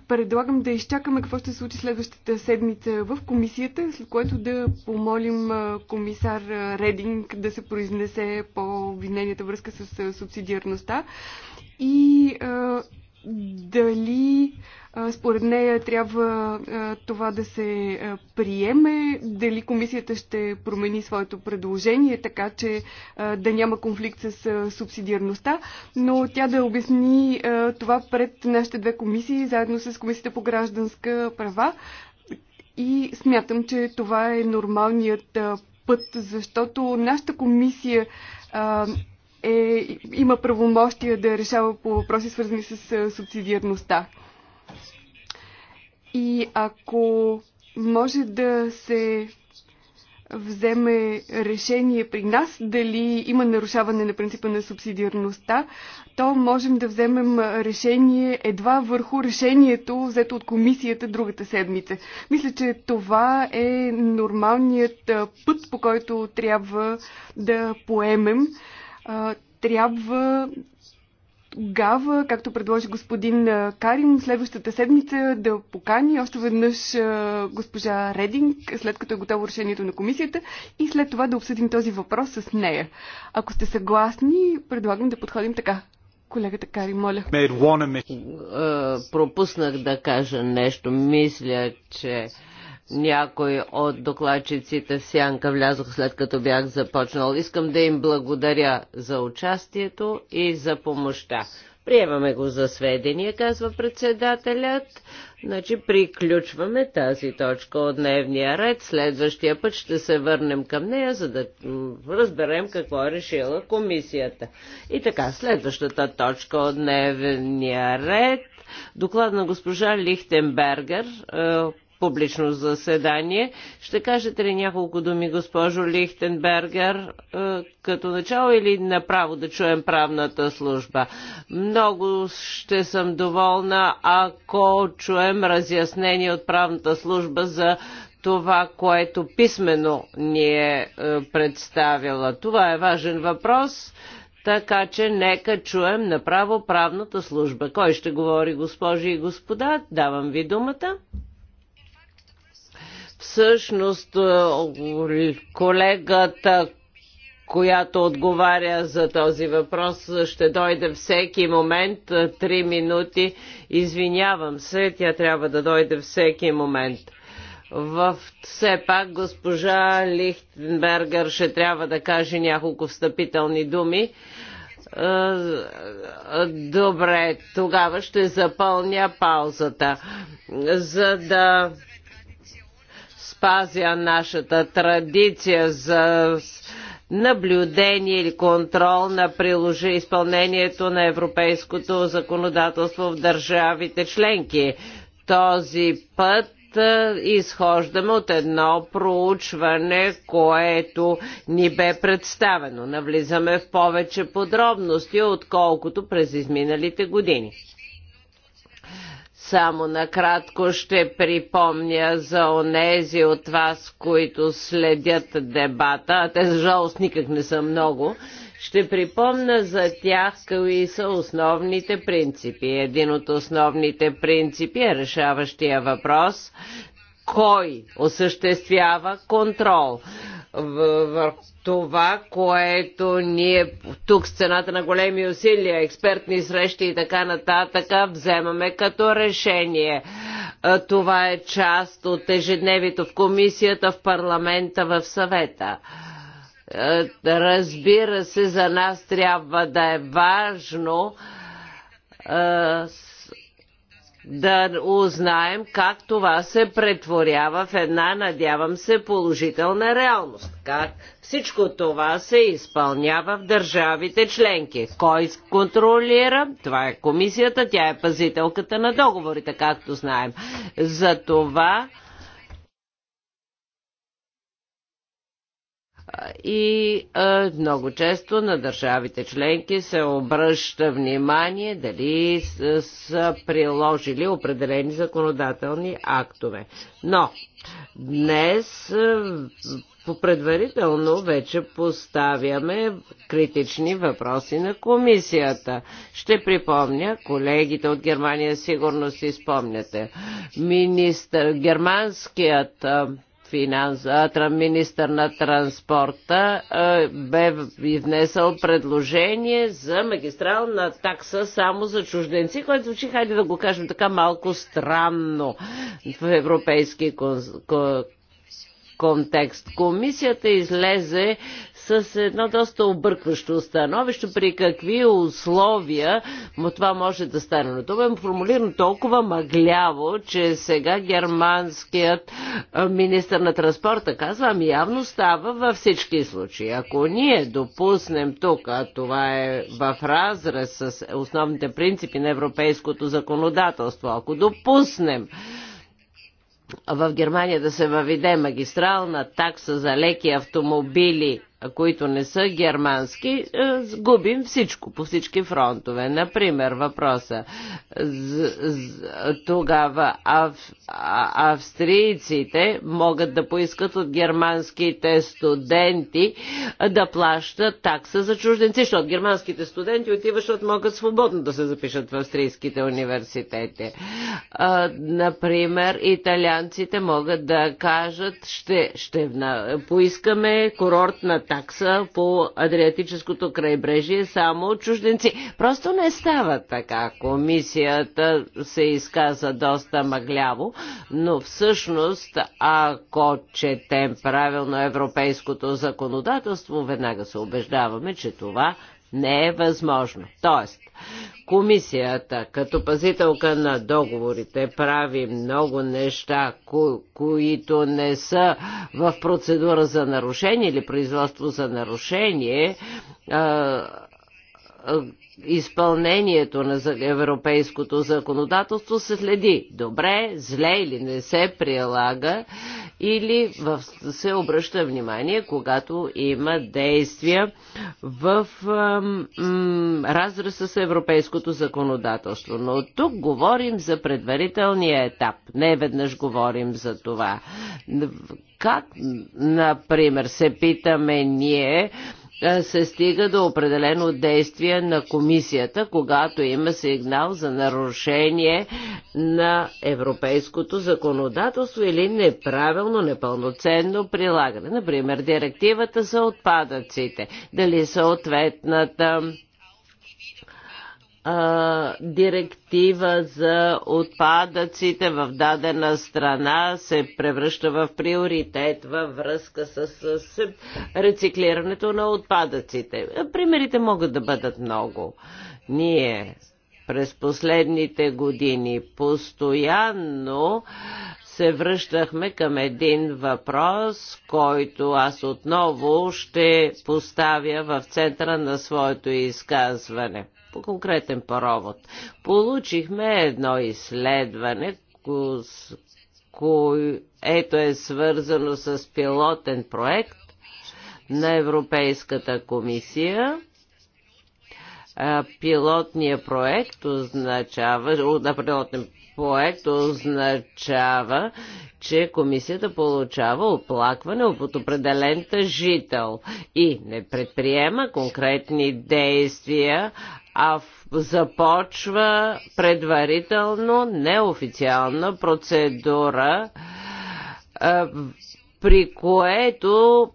предлагам да изчакаме какво ще се случи следващата седмица в комисията, след което да помолим е, комисар Рединг да се произнесе по обвиненията връзка с е, субсидиарността и дали според нея трябва това да се приеме, дали комисията ще промени своето предложение, така че да няма конфликт с субсидиарността, но тя да обясни това пред нашите две комисии, заедно с Комисията по гражданска права. И смятам, че това е нормалният път, защото нашата комисия е, има правомощия да решава по въпроси, свързани с субсидиарността. И ако може да се вземе решение при нас дали има нарушаване на принципа на субсидиарността, то можем да вземем решение едва върху решението, взето от комисията другата седмица. Мисля, че това е нормалният път, по който трябва да поемем трябва тогава, както предложи господин Карин, следващата седмица да покани още веднъж госпожа Рединг, след като е готово решението на комисията и след това да обсъдим този въпрос с нея. Ако сте съгласни, предлагам да подходим така. Колегата Кари, моля. Е, пропуснах да кажа нещо. Мисля, че някои от докладчиците в сянка влязох след като бях започнал. Искам да им благодаря за участието и за помощта. Приемаме го за сведение, казва председателят. Значи приключваме тази точка от дневния ред. Следващия път ще се върнем към нея, за да разберем какво е решила комисията. И така, следващата точка от дневния ред. Доклад на госпожа Лихтенбергер е, публично заседание. Ще кажете ли няколко думи, госпожо Лихтенбергер, е, като начало или направо да чуем правната служба? Много ще съм доволна, ако чуем разяснение от правната служба за това, което писменно ни е, е представила. Това е важен въпрос. Така че нека чуем направо правната служба. Кой ще говори, госпожи и господа? Давам ви думата. Всъщност, е, колегата, която отговаря за този въпрос, ще дойде всеки момент, е, три минути. Извинявам се, тя трябва да дойде всеки момент. В все пак госпожа Лихтенбергер ще трябва да каже няколко встъпителни думи. Е, добре, тогава ще запълня паузата, за да спазя нашата традиция за наблюдение или контрол на приложи изпълнението на европейското законодателство в държавите членки. Този път изхождаме от едно проучване, което ни бе представено. Навлизаме в повече подробности, отколкото през изминалите години. Само накратко ще припомня за онези от вас, които следят дебата, а те за жалост никак не са много, ще припомна за тях кои са основните принципи. Един от основните принципи е решаващия въпрос кой осъществява контрол в това, което ние тук с цената на големи усилия, експертни срещи и така нататък вземаме като решение. Това е част от ежедневието в комисията, в парламента, в съвета. Разбира се, за нас трябва да е важно да узнаем как това се претворява в една, надявам се, положителна реалност. Как всичко това се изпълнява в държавите членки. Кой контролира? Това е комисията, тя е пазителката на договорите, както знаем. За това и а, много често на държавите членки се обръща внимание дали са, са приложили определени законодателни актове. Но днес по предварително вече поставяме критични въпроси на комисията. Ще припомня, колегите от Германия сигурно си спомняте. Министър, германският финанс, министър на транспорта бе внесъл предложение за магистрална такса само за чужденци, което звучи, хайде да го кажем така, малко странно в европейски контекст. Комисията излезе с едно доста объркващо становище при какви условия му това може да стане. Но това е формулирано толкова мъгляво, че сега германският министр на транспорта казва, ами явно става във всички случаи. Ако ние допуснем тук, а това е в разрез с основните принципи на европейското законодателство, ако допуснем в Германия да се въведе магистрална такса за леки автомобили които не са германски, е, губим всичко по всички фронтове. Например, въпроса тогава ав, австрийците могат да поискат от германските студенти е, да плащат такса за чужденци, защото германските студенти защото могат свободно да се запишат в австрийските университети. Е, например, италианците могат да кажат ще, ще поискаме курортна такса по Адриатическото крайбрежие само чужденци. Просто не става така. Комисията се изказа доста мъгляво, но всъщност, ако четем правилно европейското законодателство, веднага се убеждаваме, че това не е възможно. Тоест, Комисията, като пазителка на договорите, прави много неща, ко- които не са в процедура за нарушение или производство за нарушение. А, изпълнението на европейското законодателство се следи добре, зле или не се прилага или в, се обръща внимание, когато има действия в а, м, разраз с европейското законодателство. Но тук говорим за предварителния етап. Не веднъж говорим за това. Как, например, се питаме ние, е, се стига до определено действие на комисията, когато има сигнал за нарушение на европейското законодателство или неправилно, непълноценно прилагане. Например, директивата за отпадъците, дали съответната директива за отпадъците в дадена страна се превръща в приоритет във връзка с, с, с рециклирането на отпадъците. Примерите могат да бъдат много. Ние през последните години постоянно се връщахме към един въпрос, който аз отново ще поставя в центъра на своето изказване по конкретен провод. Получихме едно изследване, което е свързано с пилотен проект на Европейската комисия пилотният проект означава, на пилотен което означава, че комисията получава оплакване от определен тъжител и не предприема конкретни действия, а започва предварително неофициална процедура при което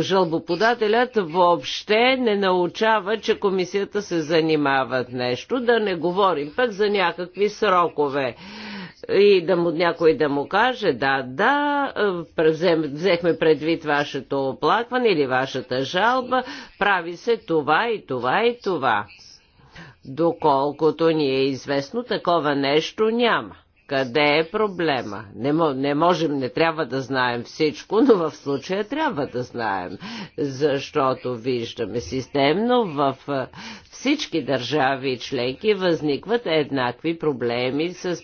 жълбоподателят въобще не научава, че комисията се занимава нещо, да не говорим пък за някакви срокове и да му, някой да му каже, да, да, взем, взехме предвид вашето оплакване или вашата жалба, прави се това и това и това. Доколкото ни е известно, такова нещо няма къде е проблема. Не, не можем, не трябва да знаем всичко, но в случая трябва да знаем, защото виждаме системно в всички държави и членки възникват еднакви проблеми с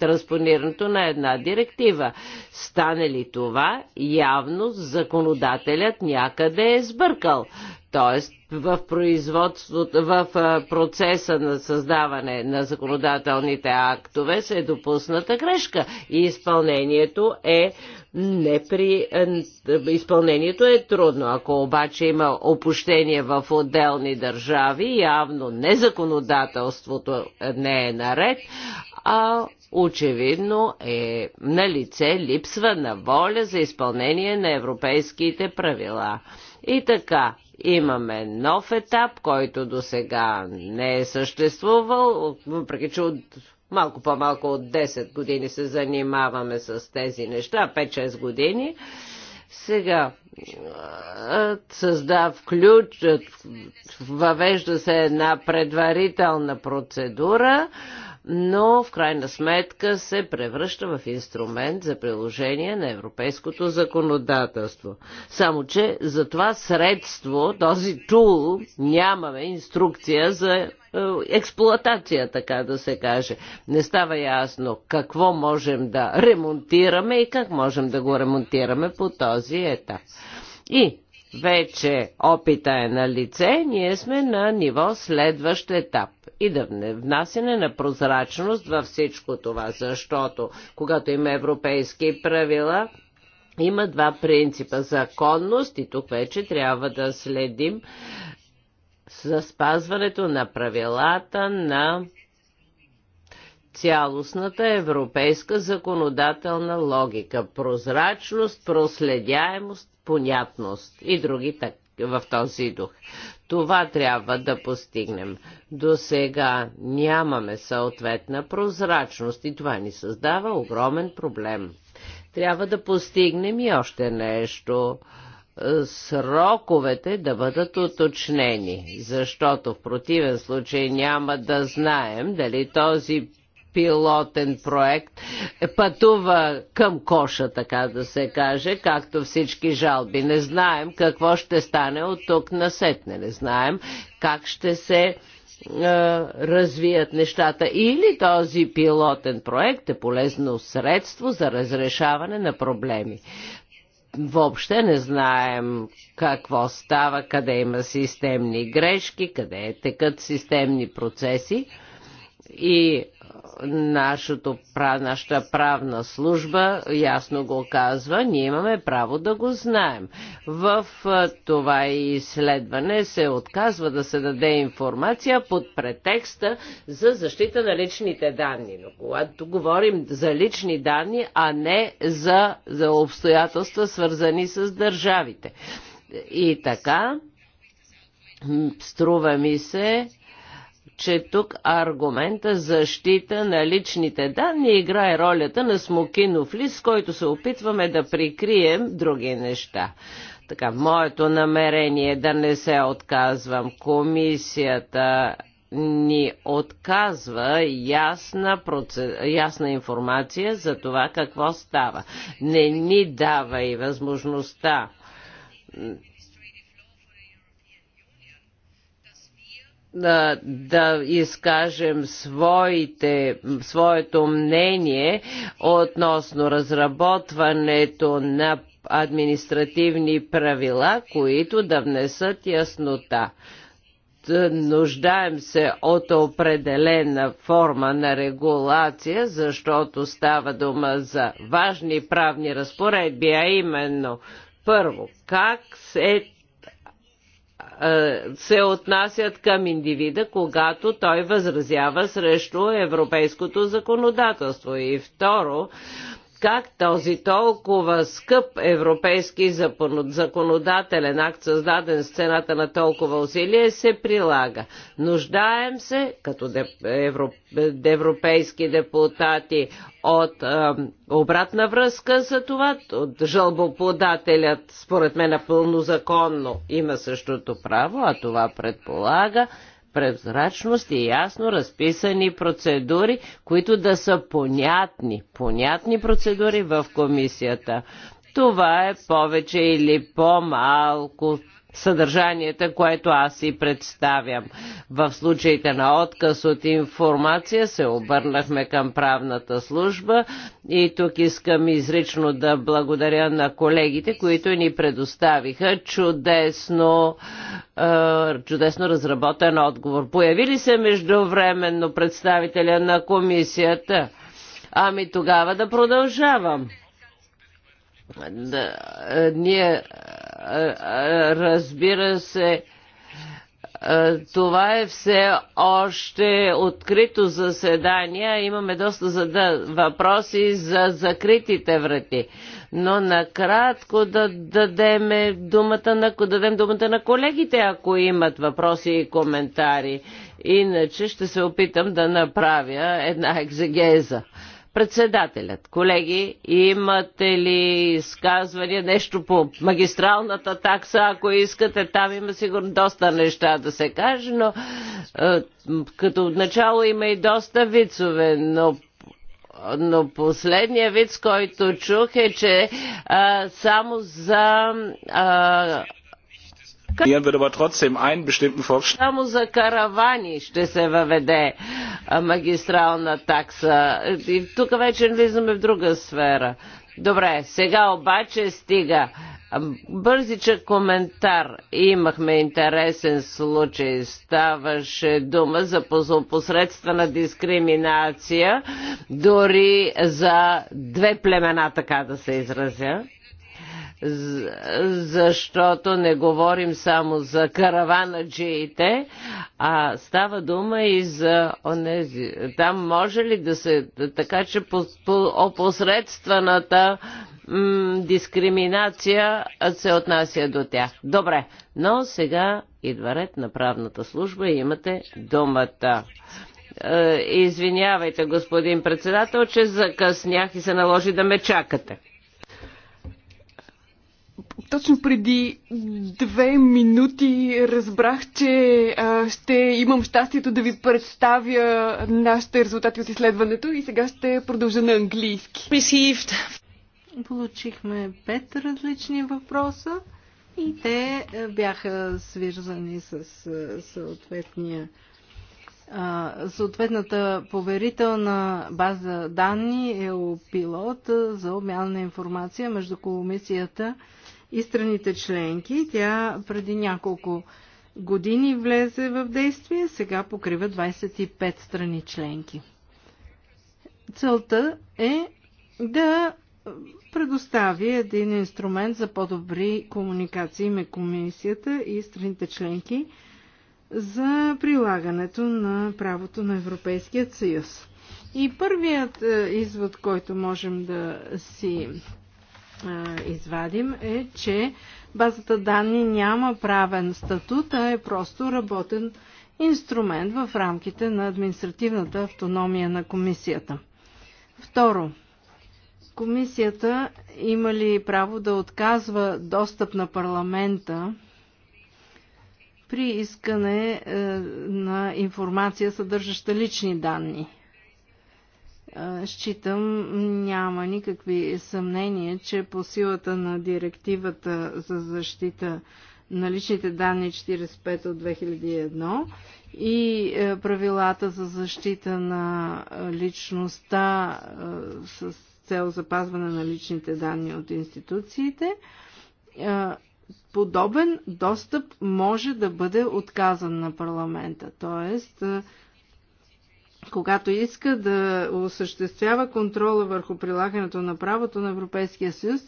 транспонирането на една директива. Стане ли това, явно законодателят някъде е сбъркал. Тоест, в производството, в процеса на създаване на законодателните актове се е допусната грешка и изпълнението е при... Е, изпълнението е трудно. Ако обаче има опущение в отделни държави, явно незаконодателството не е наред, а очевидно е на лице липсва на воля за изпълнение на европейските правила. И така, Имаме нов етап, който до сега не е съществувал, въпреки че от малко по-малко от 10 години се занимаваме с тези неща, 5-6 години. Сега създав ключ, въвежда се една предварителна процедура, но в крайна сметка се превръща в инструмент за приложение на европейското законодателство. Само, че за това средство, този тул, нямаме инструкция за е, експлоатация, така да се каже. Не става ясно какво можем да ремонтираме и как можем да го ремонтираме по този етап. И вече опита е на лице, ние сме на ниво следващ етап и да внасяне на прозрачност във всичко това, защото когато има европейски правила, има два принципа законност и тук вече трябва да следим за спазването на правилата на цялостната европейска законодателна логика, прозрачност, проследяемост, понятност и други так в този дух. Това трябва да постигнем. До сега нямаме съответна прозрачност и това ни създава огромен проблем. Трябва да постигнем и още нещо е, сроковете да бъдат уточнени, защото в противен случай няма да знаем дали този пилотен проект пътува към коша, така да се каже, както всички жалби. Не знаем какво ще стане от тук на сетне. Не знаем как ще се е, развият нещата. Или този пилотен проект е полезно средство за разрешаване на проблеми въобще не знаем какво става, къде има системни грешки, къде е текат системни процеси и нашото, нашата правна служба ясно го казва, ние имаме право да го знаем. В това изследване се отказва да се даде информация под претекста за защита на личните данни. Но когато говорим за лични данни, а не за, за обстоятелства, свързани с държавите. И така, струва ми се, че тук аргумента защита на личните данни играе ролята на смокинов лист, който се опитваме да прикрием други неща. Така, моето намерение е да не се отказвам. Комисията ни отказва ясна, проце... ясна информация за това какво става. Не ни дава и възможността да изкажем своите, своето мнение относно разработването на административни правила, които да внесат яснота. Нуждаем се от определена форма на регулация, защото става дума за важни правни разпоредби, а именно първо, как се е, се отнасят към индивида, когато той възразява срещу европейското законодателство. И второ, как този толкова скъп европейски законодателен акт, създаден с цената на толкова усилие, се прилага. Нуждаем се, като европейски депутати, от е, обратна връзка за това. От жълбоподателят, според мен, напълно законно има същото право, а това предполага Презрачност и ясно разписани процедури, които да са понятни. Понятни процедури в комисията. Това е повече или по-малко съдържанията, което аз си представям. В случаите на отказ от информация се обърнахме към правната служба и тук искам изрично да благодаря на колегите, които ни предоставиха чудесно, е, чудесно разработен отговор. Появили се междувременно представителя на комисията? Ами тогава да продължавам да, е, ние, е, е, разбира се, това е все още открито заседание. Имаме доста зада... въпроси за закритите врати. Но накратко да дадем думата, на... дадем думата на колегите, ако имат въпроси и коментари. Иначе ще се опитам да направя една екзегеза. Председателят, колеги, имате ли изказвания нещо по магистралната такса? Ако искате, там има сигурно доста неща да се каже, но е, като начало има и доста вицове, но но последният вид, който чух е, че а, е, само за а, е, само за каравани ще се въведе магистрална такса. И тук вече влизаме в друга сфера. Добре, сега обаче стига. Бързичък коментар. Имахме интересен случай. Ставаше дума за посредствена дискриминация, дори за две племена, така да се изразя защото не говорим само за каравана джиите, а става дума и за онези. Там може ли да се, така че по, по опосредствената м, дискриминация се отнася до тях. Добре, но сега идва ред на правната служба и имате думата е, извинявайте, господин председател, че закъснях и се наложи да ме чакате. Точно преди две минути разбрах, че а, ще имам щастието да ви представя нашите резултати от изследването и сега ще продължа на английски. Received. Получихме пет различни въпроса и те бяха свързани с съответния съответната поверителна база данни е пилот за обмяна на информация между комисията и страните членки. Тя преди няколко години влезе в действие, сега покрива 25 страни членки. Целта е да предостави един инструмент за по-добри комуникации на комисията и страните членки за прилагането на правото на Европейския съюз. И първият е, извод, който можем да си извадим е, че базата данни няма правен статут, а е просто работен инструмент в рамките на административната автономия на комисията. Второ, комисията има ли право да отказва достъп на парламента при искане е, на информация, съдържаща лични данни? Считам, няма никакви съмнения, че по силата на директивата за защита на личните данни 45 от 2001 и е, правилата за защита на е, личността е, с цел запазване на личните данни от институциите, подобен достъп може да бъде отказан на парламента. Тоест, когато иска да осъществява контрола върху прилагането на правото на Европейския съюз,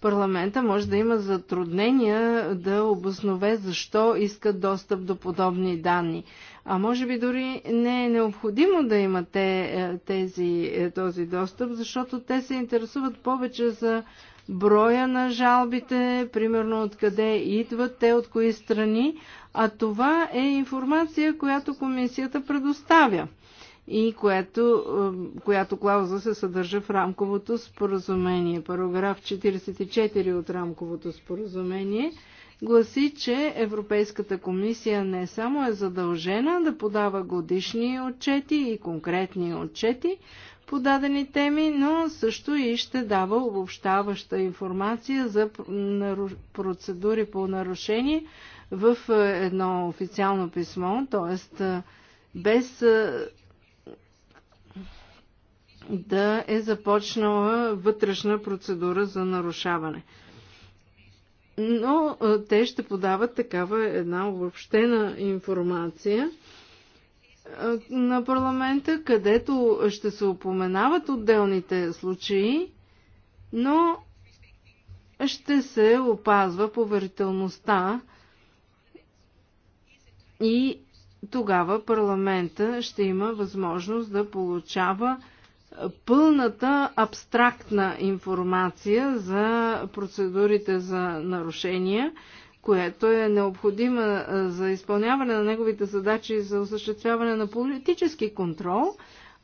парламента може да има затруднения да обоснове защо искат достъп до подобни данни. А може би дори не е необходимо да има те, е, тези, е, този достъп, защото те се интересуват повече за броя на жалбите, примерно откъде идват те, от кои страни, а това е информация, която комисията предоставя и което, е, която клауза се съдържа в рамковото споразумение. Параграф 44 от рамковото споразумение гласи, че Европейската комисия не само е задължена да подава годишни отчети и конкретни отчети по дадени теми, но също и ще дава обобщаваща информация за процедури по нарушение в е, едно официално писмо, т.е. без е, да е започнала вътрешна процедура за нарушаване. Но те ще подават такава една обобщена информация на парламента, където ще се упоменават отделните случаи, но ще се опазва поверителността и тогава парламента ще има възможност да получава пълната абстрактна информация за процедурите за нарушения, което е необходима за изпълняване на неговите задачи за осъществяване на политически контрол,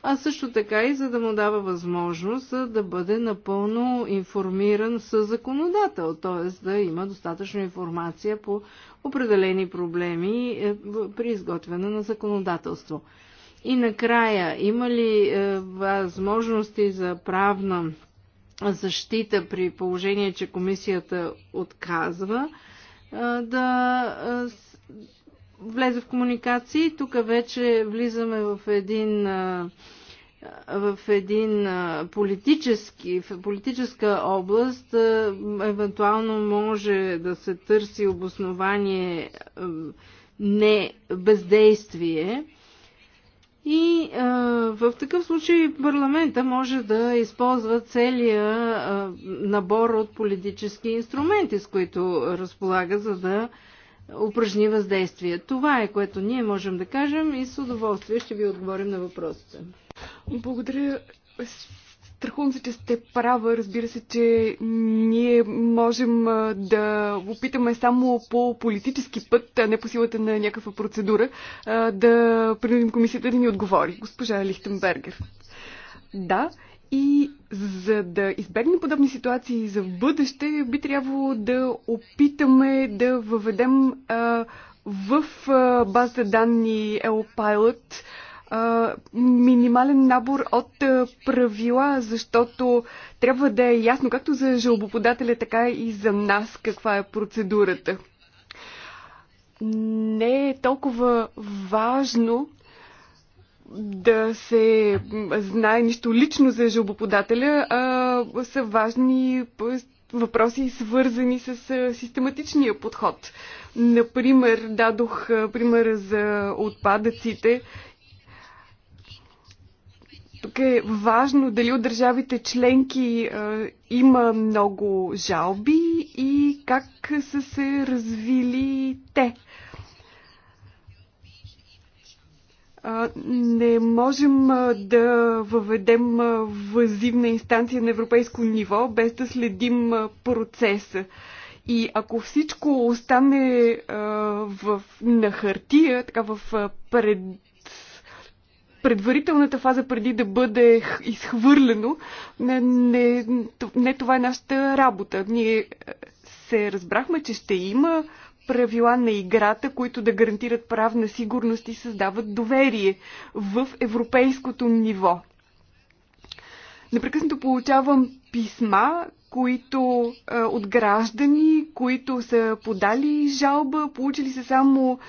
а също така и за да му дава възможност да бъде напълно информиран с законодател, т.е. да има достатъчно информация по определени проблеми е, при изготвяне на законодателство. И накрая, има ли е, възможности за правна защита при положение, че комисията отказва е, да е, влезе в комуникации? Тук вече влизаме в един. Е, в един е, политически, в политическа област е, евентуално може да се търси обоснование е, не бездействие, и а, в такъв случай парламента може да използва целия а, набор от политически инструменти, с които разполага, за да упражни въздействие. Това е което ние можем да кажем и с удоволствие ще ви отговорим на въпросите. Благодаря Страхувам се, че сте права. Разбира се, че ние можем да опитаме само по политически път, а не по силата на някаква процедура, да принудим комисията да ни отговори. Госпожа Лихтенбергер. Да, и за да избегнем подобни ситуации за в бъдеще, би трябвало да опитаме да въведем а, в а, базата данни L-Pilot минимален набор от правила, защото трябва да е ясно както за жалбоподателя, така и за нас каква е процедурата. Не е толкова важно да се знае нищо лично за жалбоподателя, а са важни въпроси, свързани с систематичния подход. Например, дадох пример за отпадъците тук е важно дали от държавите членки е, има много жалби и как са се развили те. не можем да въведем въззивна инстанция на европейско ниво, без да следим процеса. И ако всичко остане в, на хартия, така в пред, предварителната фаза преди да бъде изхвърлено. Не, не, не това е нашата работа. Ние е, се разбрахме, че ще има правила на играта, които да гарантират правна сигурност и създават доверие в европейското ниво. Непрекъснато получавам писма, които е, от граждани, които са подали жалба, получили са само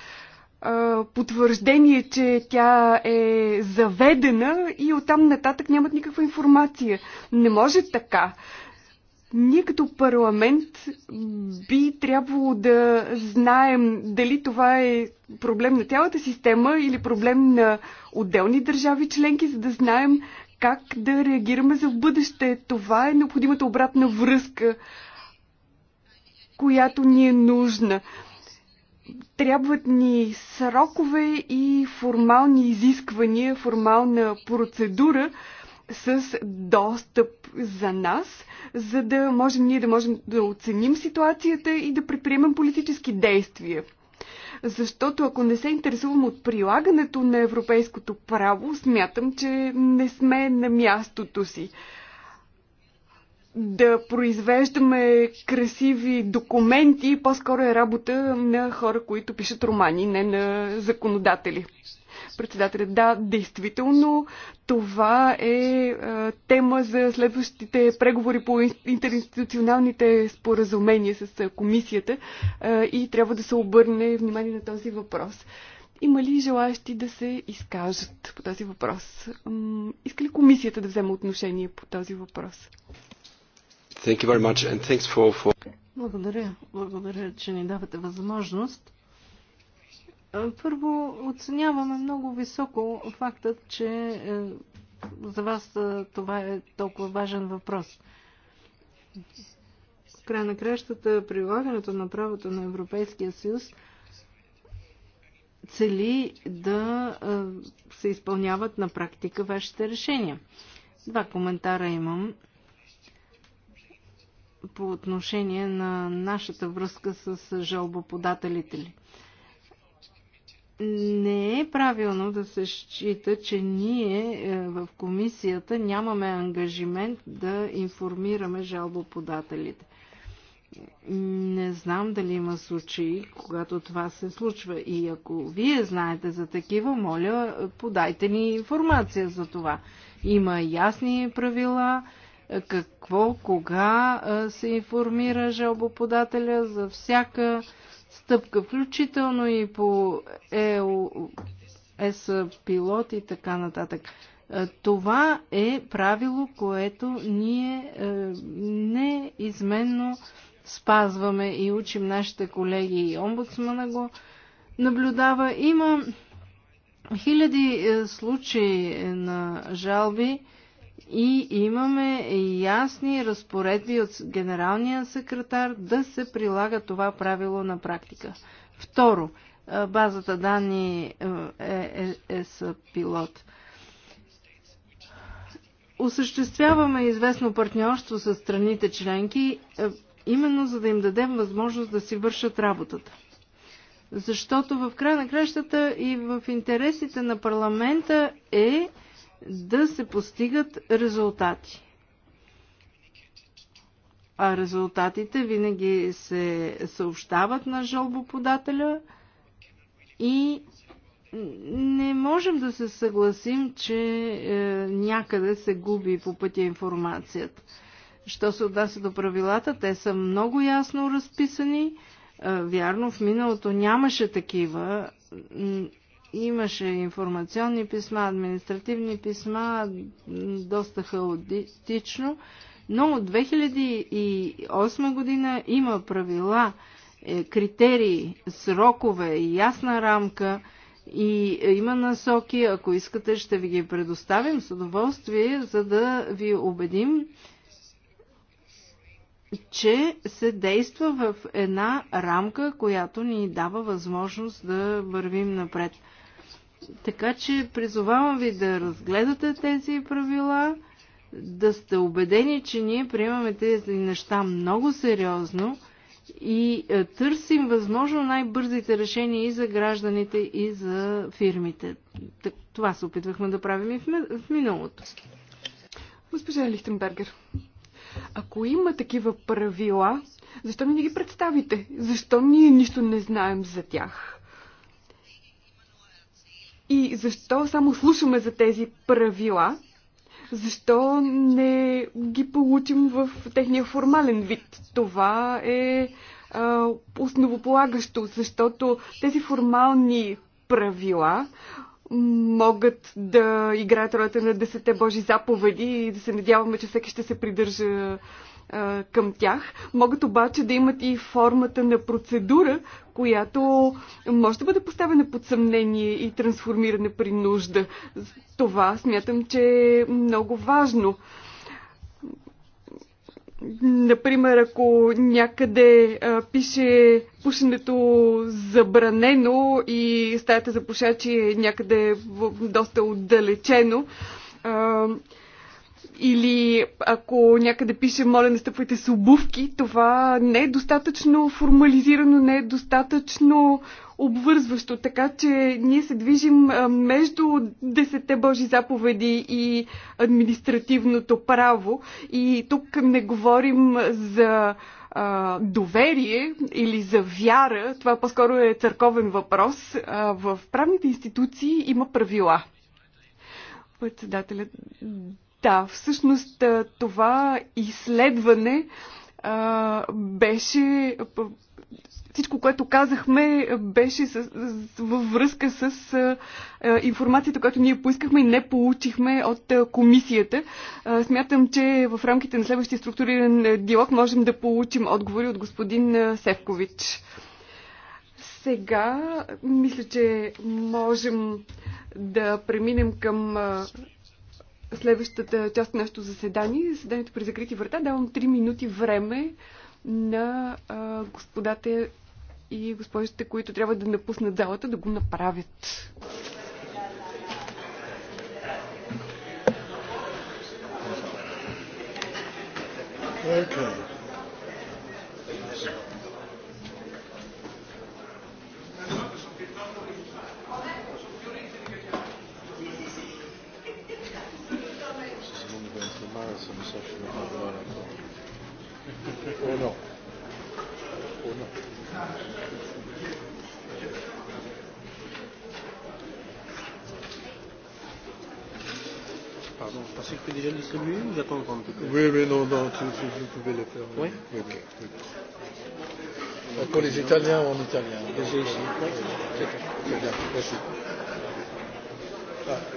потвърждение, че тя е заведена и оттам нататък нямат никаква информация. Не може така. Ние като парламент би трябвало да знаем дали това е проблем на цялата система или проблем на отделни държави членки, за да знаем как да реагираме за в бъдеще. Това е необходимата обратна връзка, която ни е нужна трябват ни срокове и формални изисквания, формална процедура с достъп за нас, за да можем ние да можем да оценим ситуацията и да предприемем политически действия. Защото ако не се интересувам от прилагането на европейското право, смятам, че не сме на мястото си да произвеждаме красиви документи, по-скоро е работа на хора, които пишат романи, не на законодатели. Председателя, да, действително, това е а, е, тема за следващите преговори по интернационалните споразумения с е, комисията а, е, и трябва да се обърне внимание на този въпрос. Има ли желаящи да се изкажат по този въпрос? Иска ли комисията да вземе отношение по този въпрос? Thank you very much and thanks for, for... Благодаря. Благодаря, че ни давате възможност. Първо, оценяваме много високо фактът, че е, за вас е, това е толкова важен въпрос. В край на кращата, прилагането на правото на Европейския съюз цели да е, се изпълняват на практика вашите решения. Два коментара имам по отношение на нашата връзка с жалбоподателите ли. Не е правилно да се счита, че ние е, в комисията нямаме ангажимент да информираме жалбоподателите. Не знам дали има случаи, когато това се случва. И ако вие знаете за такива, моля, подайте ни информация за това. Има ясни правила, какво, кога се информира жалбоподателя за всяка стъпка, включително и по ЕО, ЕС пилот и така нататък. Това е правило, което ние неизменно спазваме и учим нашите колеги и омбудсмана го наблюдава. Има хиляди е, случаи на жалби, и имаме ясни разпоредби от генералния секретар да се прилага това правило на практика. Второ, е, базата данни е, е, е, е с пилот. Осъществяваме известно партньорство с страните членки, е, именно за да им дадем възможност да си вършат работата. Защото в края на кращата и в интересите на парламента е да се постигат резултати. А резултатите винаги се съобщават на жалбоподателя и не можем да се съгласим, че е, някъде се губи по пътя информацията. Що се отнася до правилата, те са много ясно разписани. Е, вярно, в миналото нямаше такива. Имаше информационни писма, административни писма, доста хаотично, но от 2008 година има правила, е, критерии, срокове и ясна рамка и е, има насоки, ако искате ще ви ги предоставим с удоволствие, за да ви убедим, че се действа в една рамка, която ни дава възможност да вървим напред. Така че призовавам ви да разгледате тези правила, да сте убедени, че ние приемаме тези неща много сериозно и е, търсим възможно най-бързите решения и за гражданите, и за фирмите. Това се опитвахме да правим и в миналото. Госпожа Лихтенбергер, ако има такива правила, защо ми не ги представите? Защо ние нищо не знаем за тях? И защо само слушаме за тези правила? Защо не ги получим в техния формален вид? Това е а, основополагащо, защото тези формални правила могат да играят ролята на десете Божи заповеди и да се надяваме, че всеки ще се придържа към тях, могат обаче да имат и формата на процедура, която може да бъде поставена под съмнение и трансформирана при нужда. Това смятам, че е много важно. Например, ако някъде а, пише пушенето забранено и стаята за пушачи е някъде в, доста отдалечено, а, или ако някъде пише, моля, не стъпвайте с обувки, това не е достатъчно формализирано, не е достатъчно обвързващо. Така че ние се движим между десете Божи заповеди и административното право. И тук не говорим за доверие или за вяра. Това по-скоро е църковен въпрос. в правните институции има правила. Председателят да, всъщност това изследване а, беше. Всичко, което казахме, беше с, с, във връзка с а, информацията, която ние поискахме и не получихме от а, комисията. А, смятам, че в рамките на следващия структуриран диалог можем да получим отговори от господин а, Севкович. Сега мисля, че можем да преминем към следващата част на нашето заседание, заседанието при закрити врата, давам 3 минути време на а, господата и госпожите, които трябва да напуснат залата, да го направят. Okay. Uno. Uno. Pardon, parce pensais que tu déjà distribué ou j'attends un peu Oui, mais non, non, tu, tu, tu pouvais le faire. Oui, oui, oui, oui. les Italiens ou en italien Déjà ici. Très bien, merci. Ah.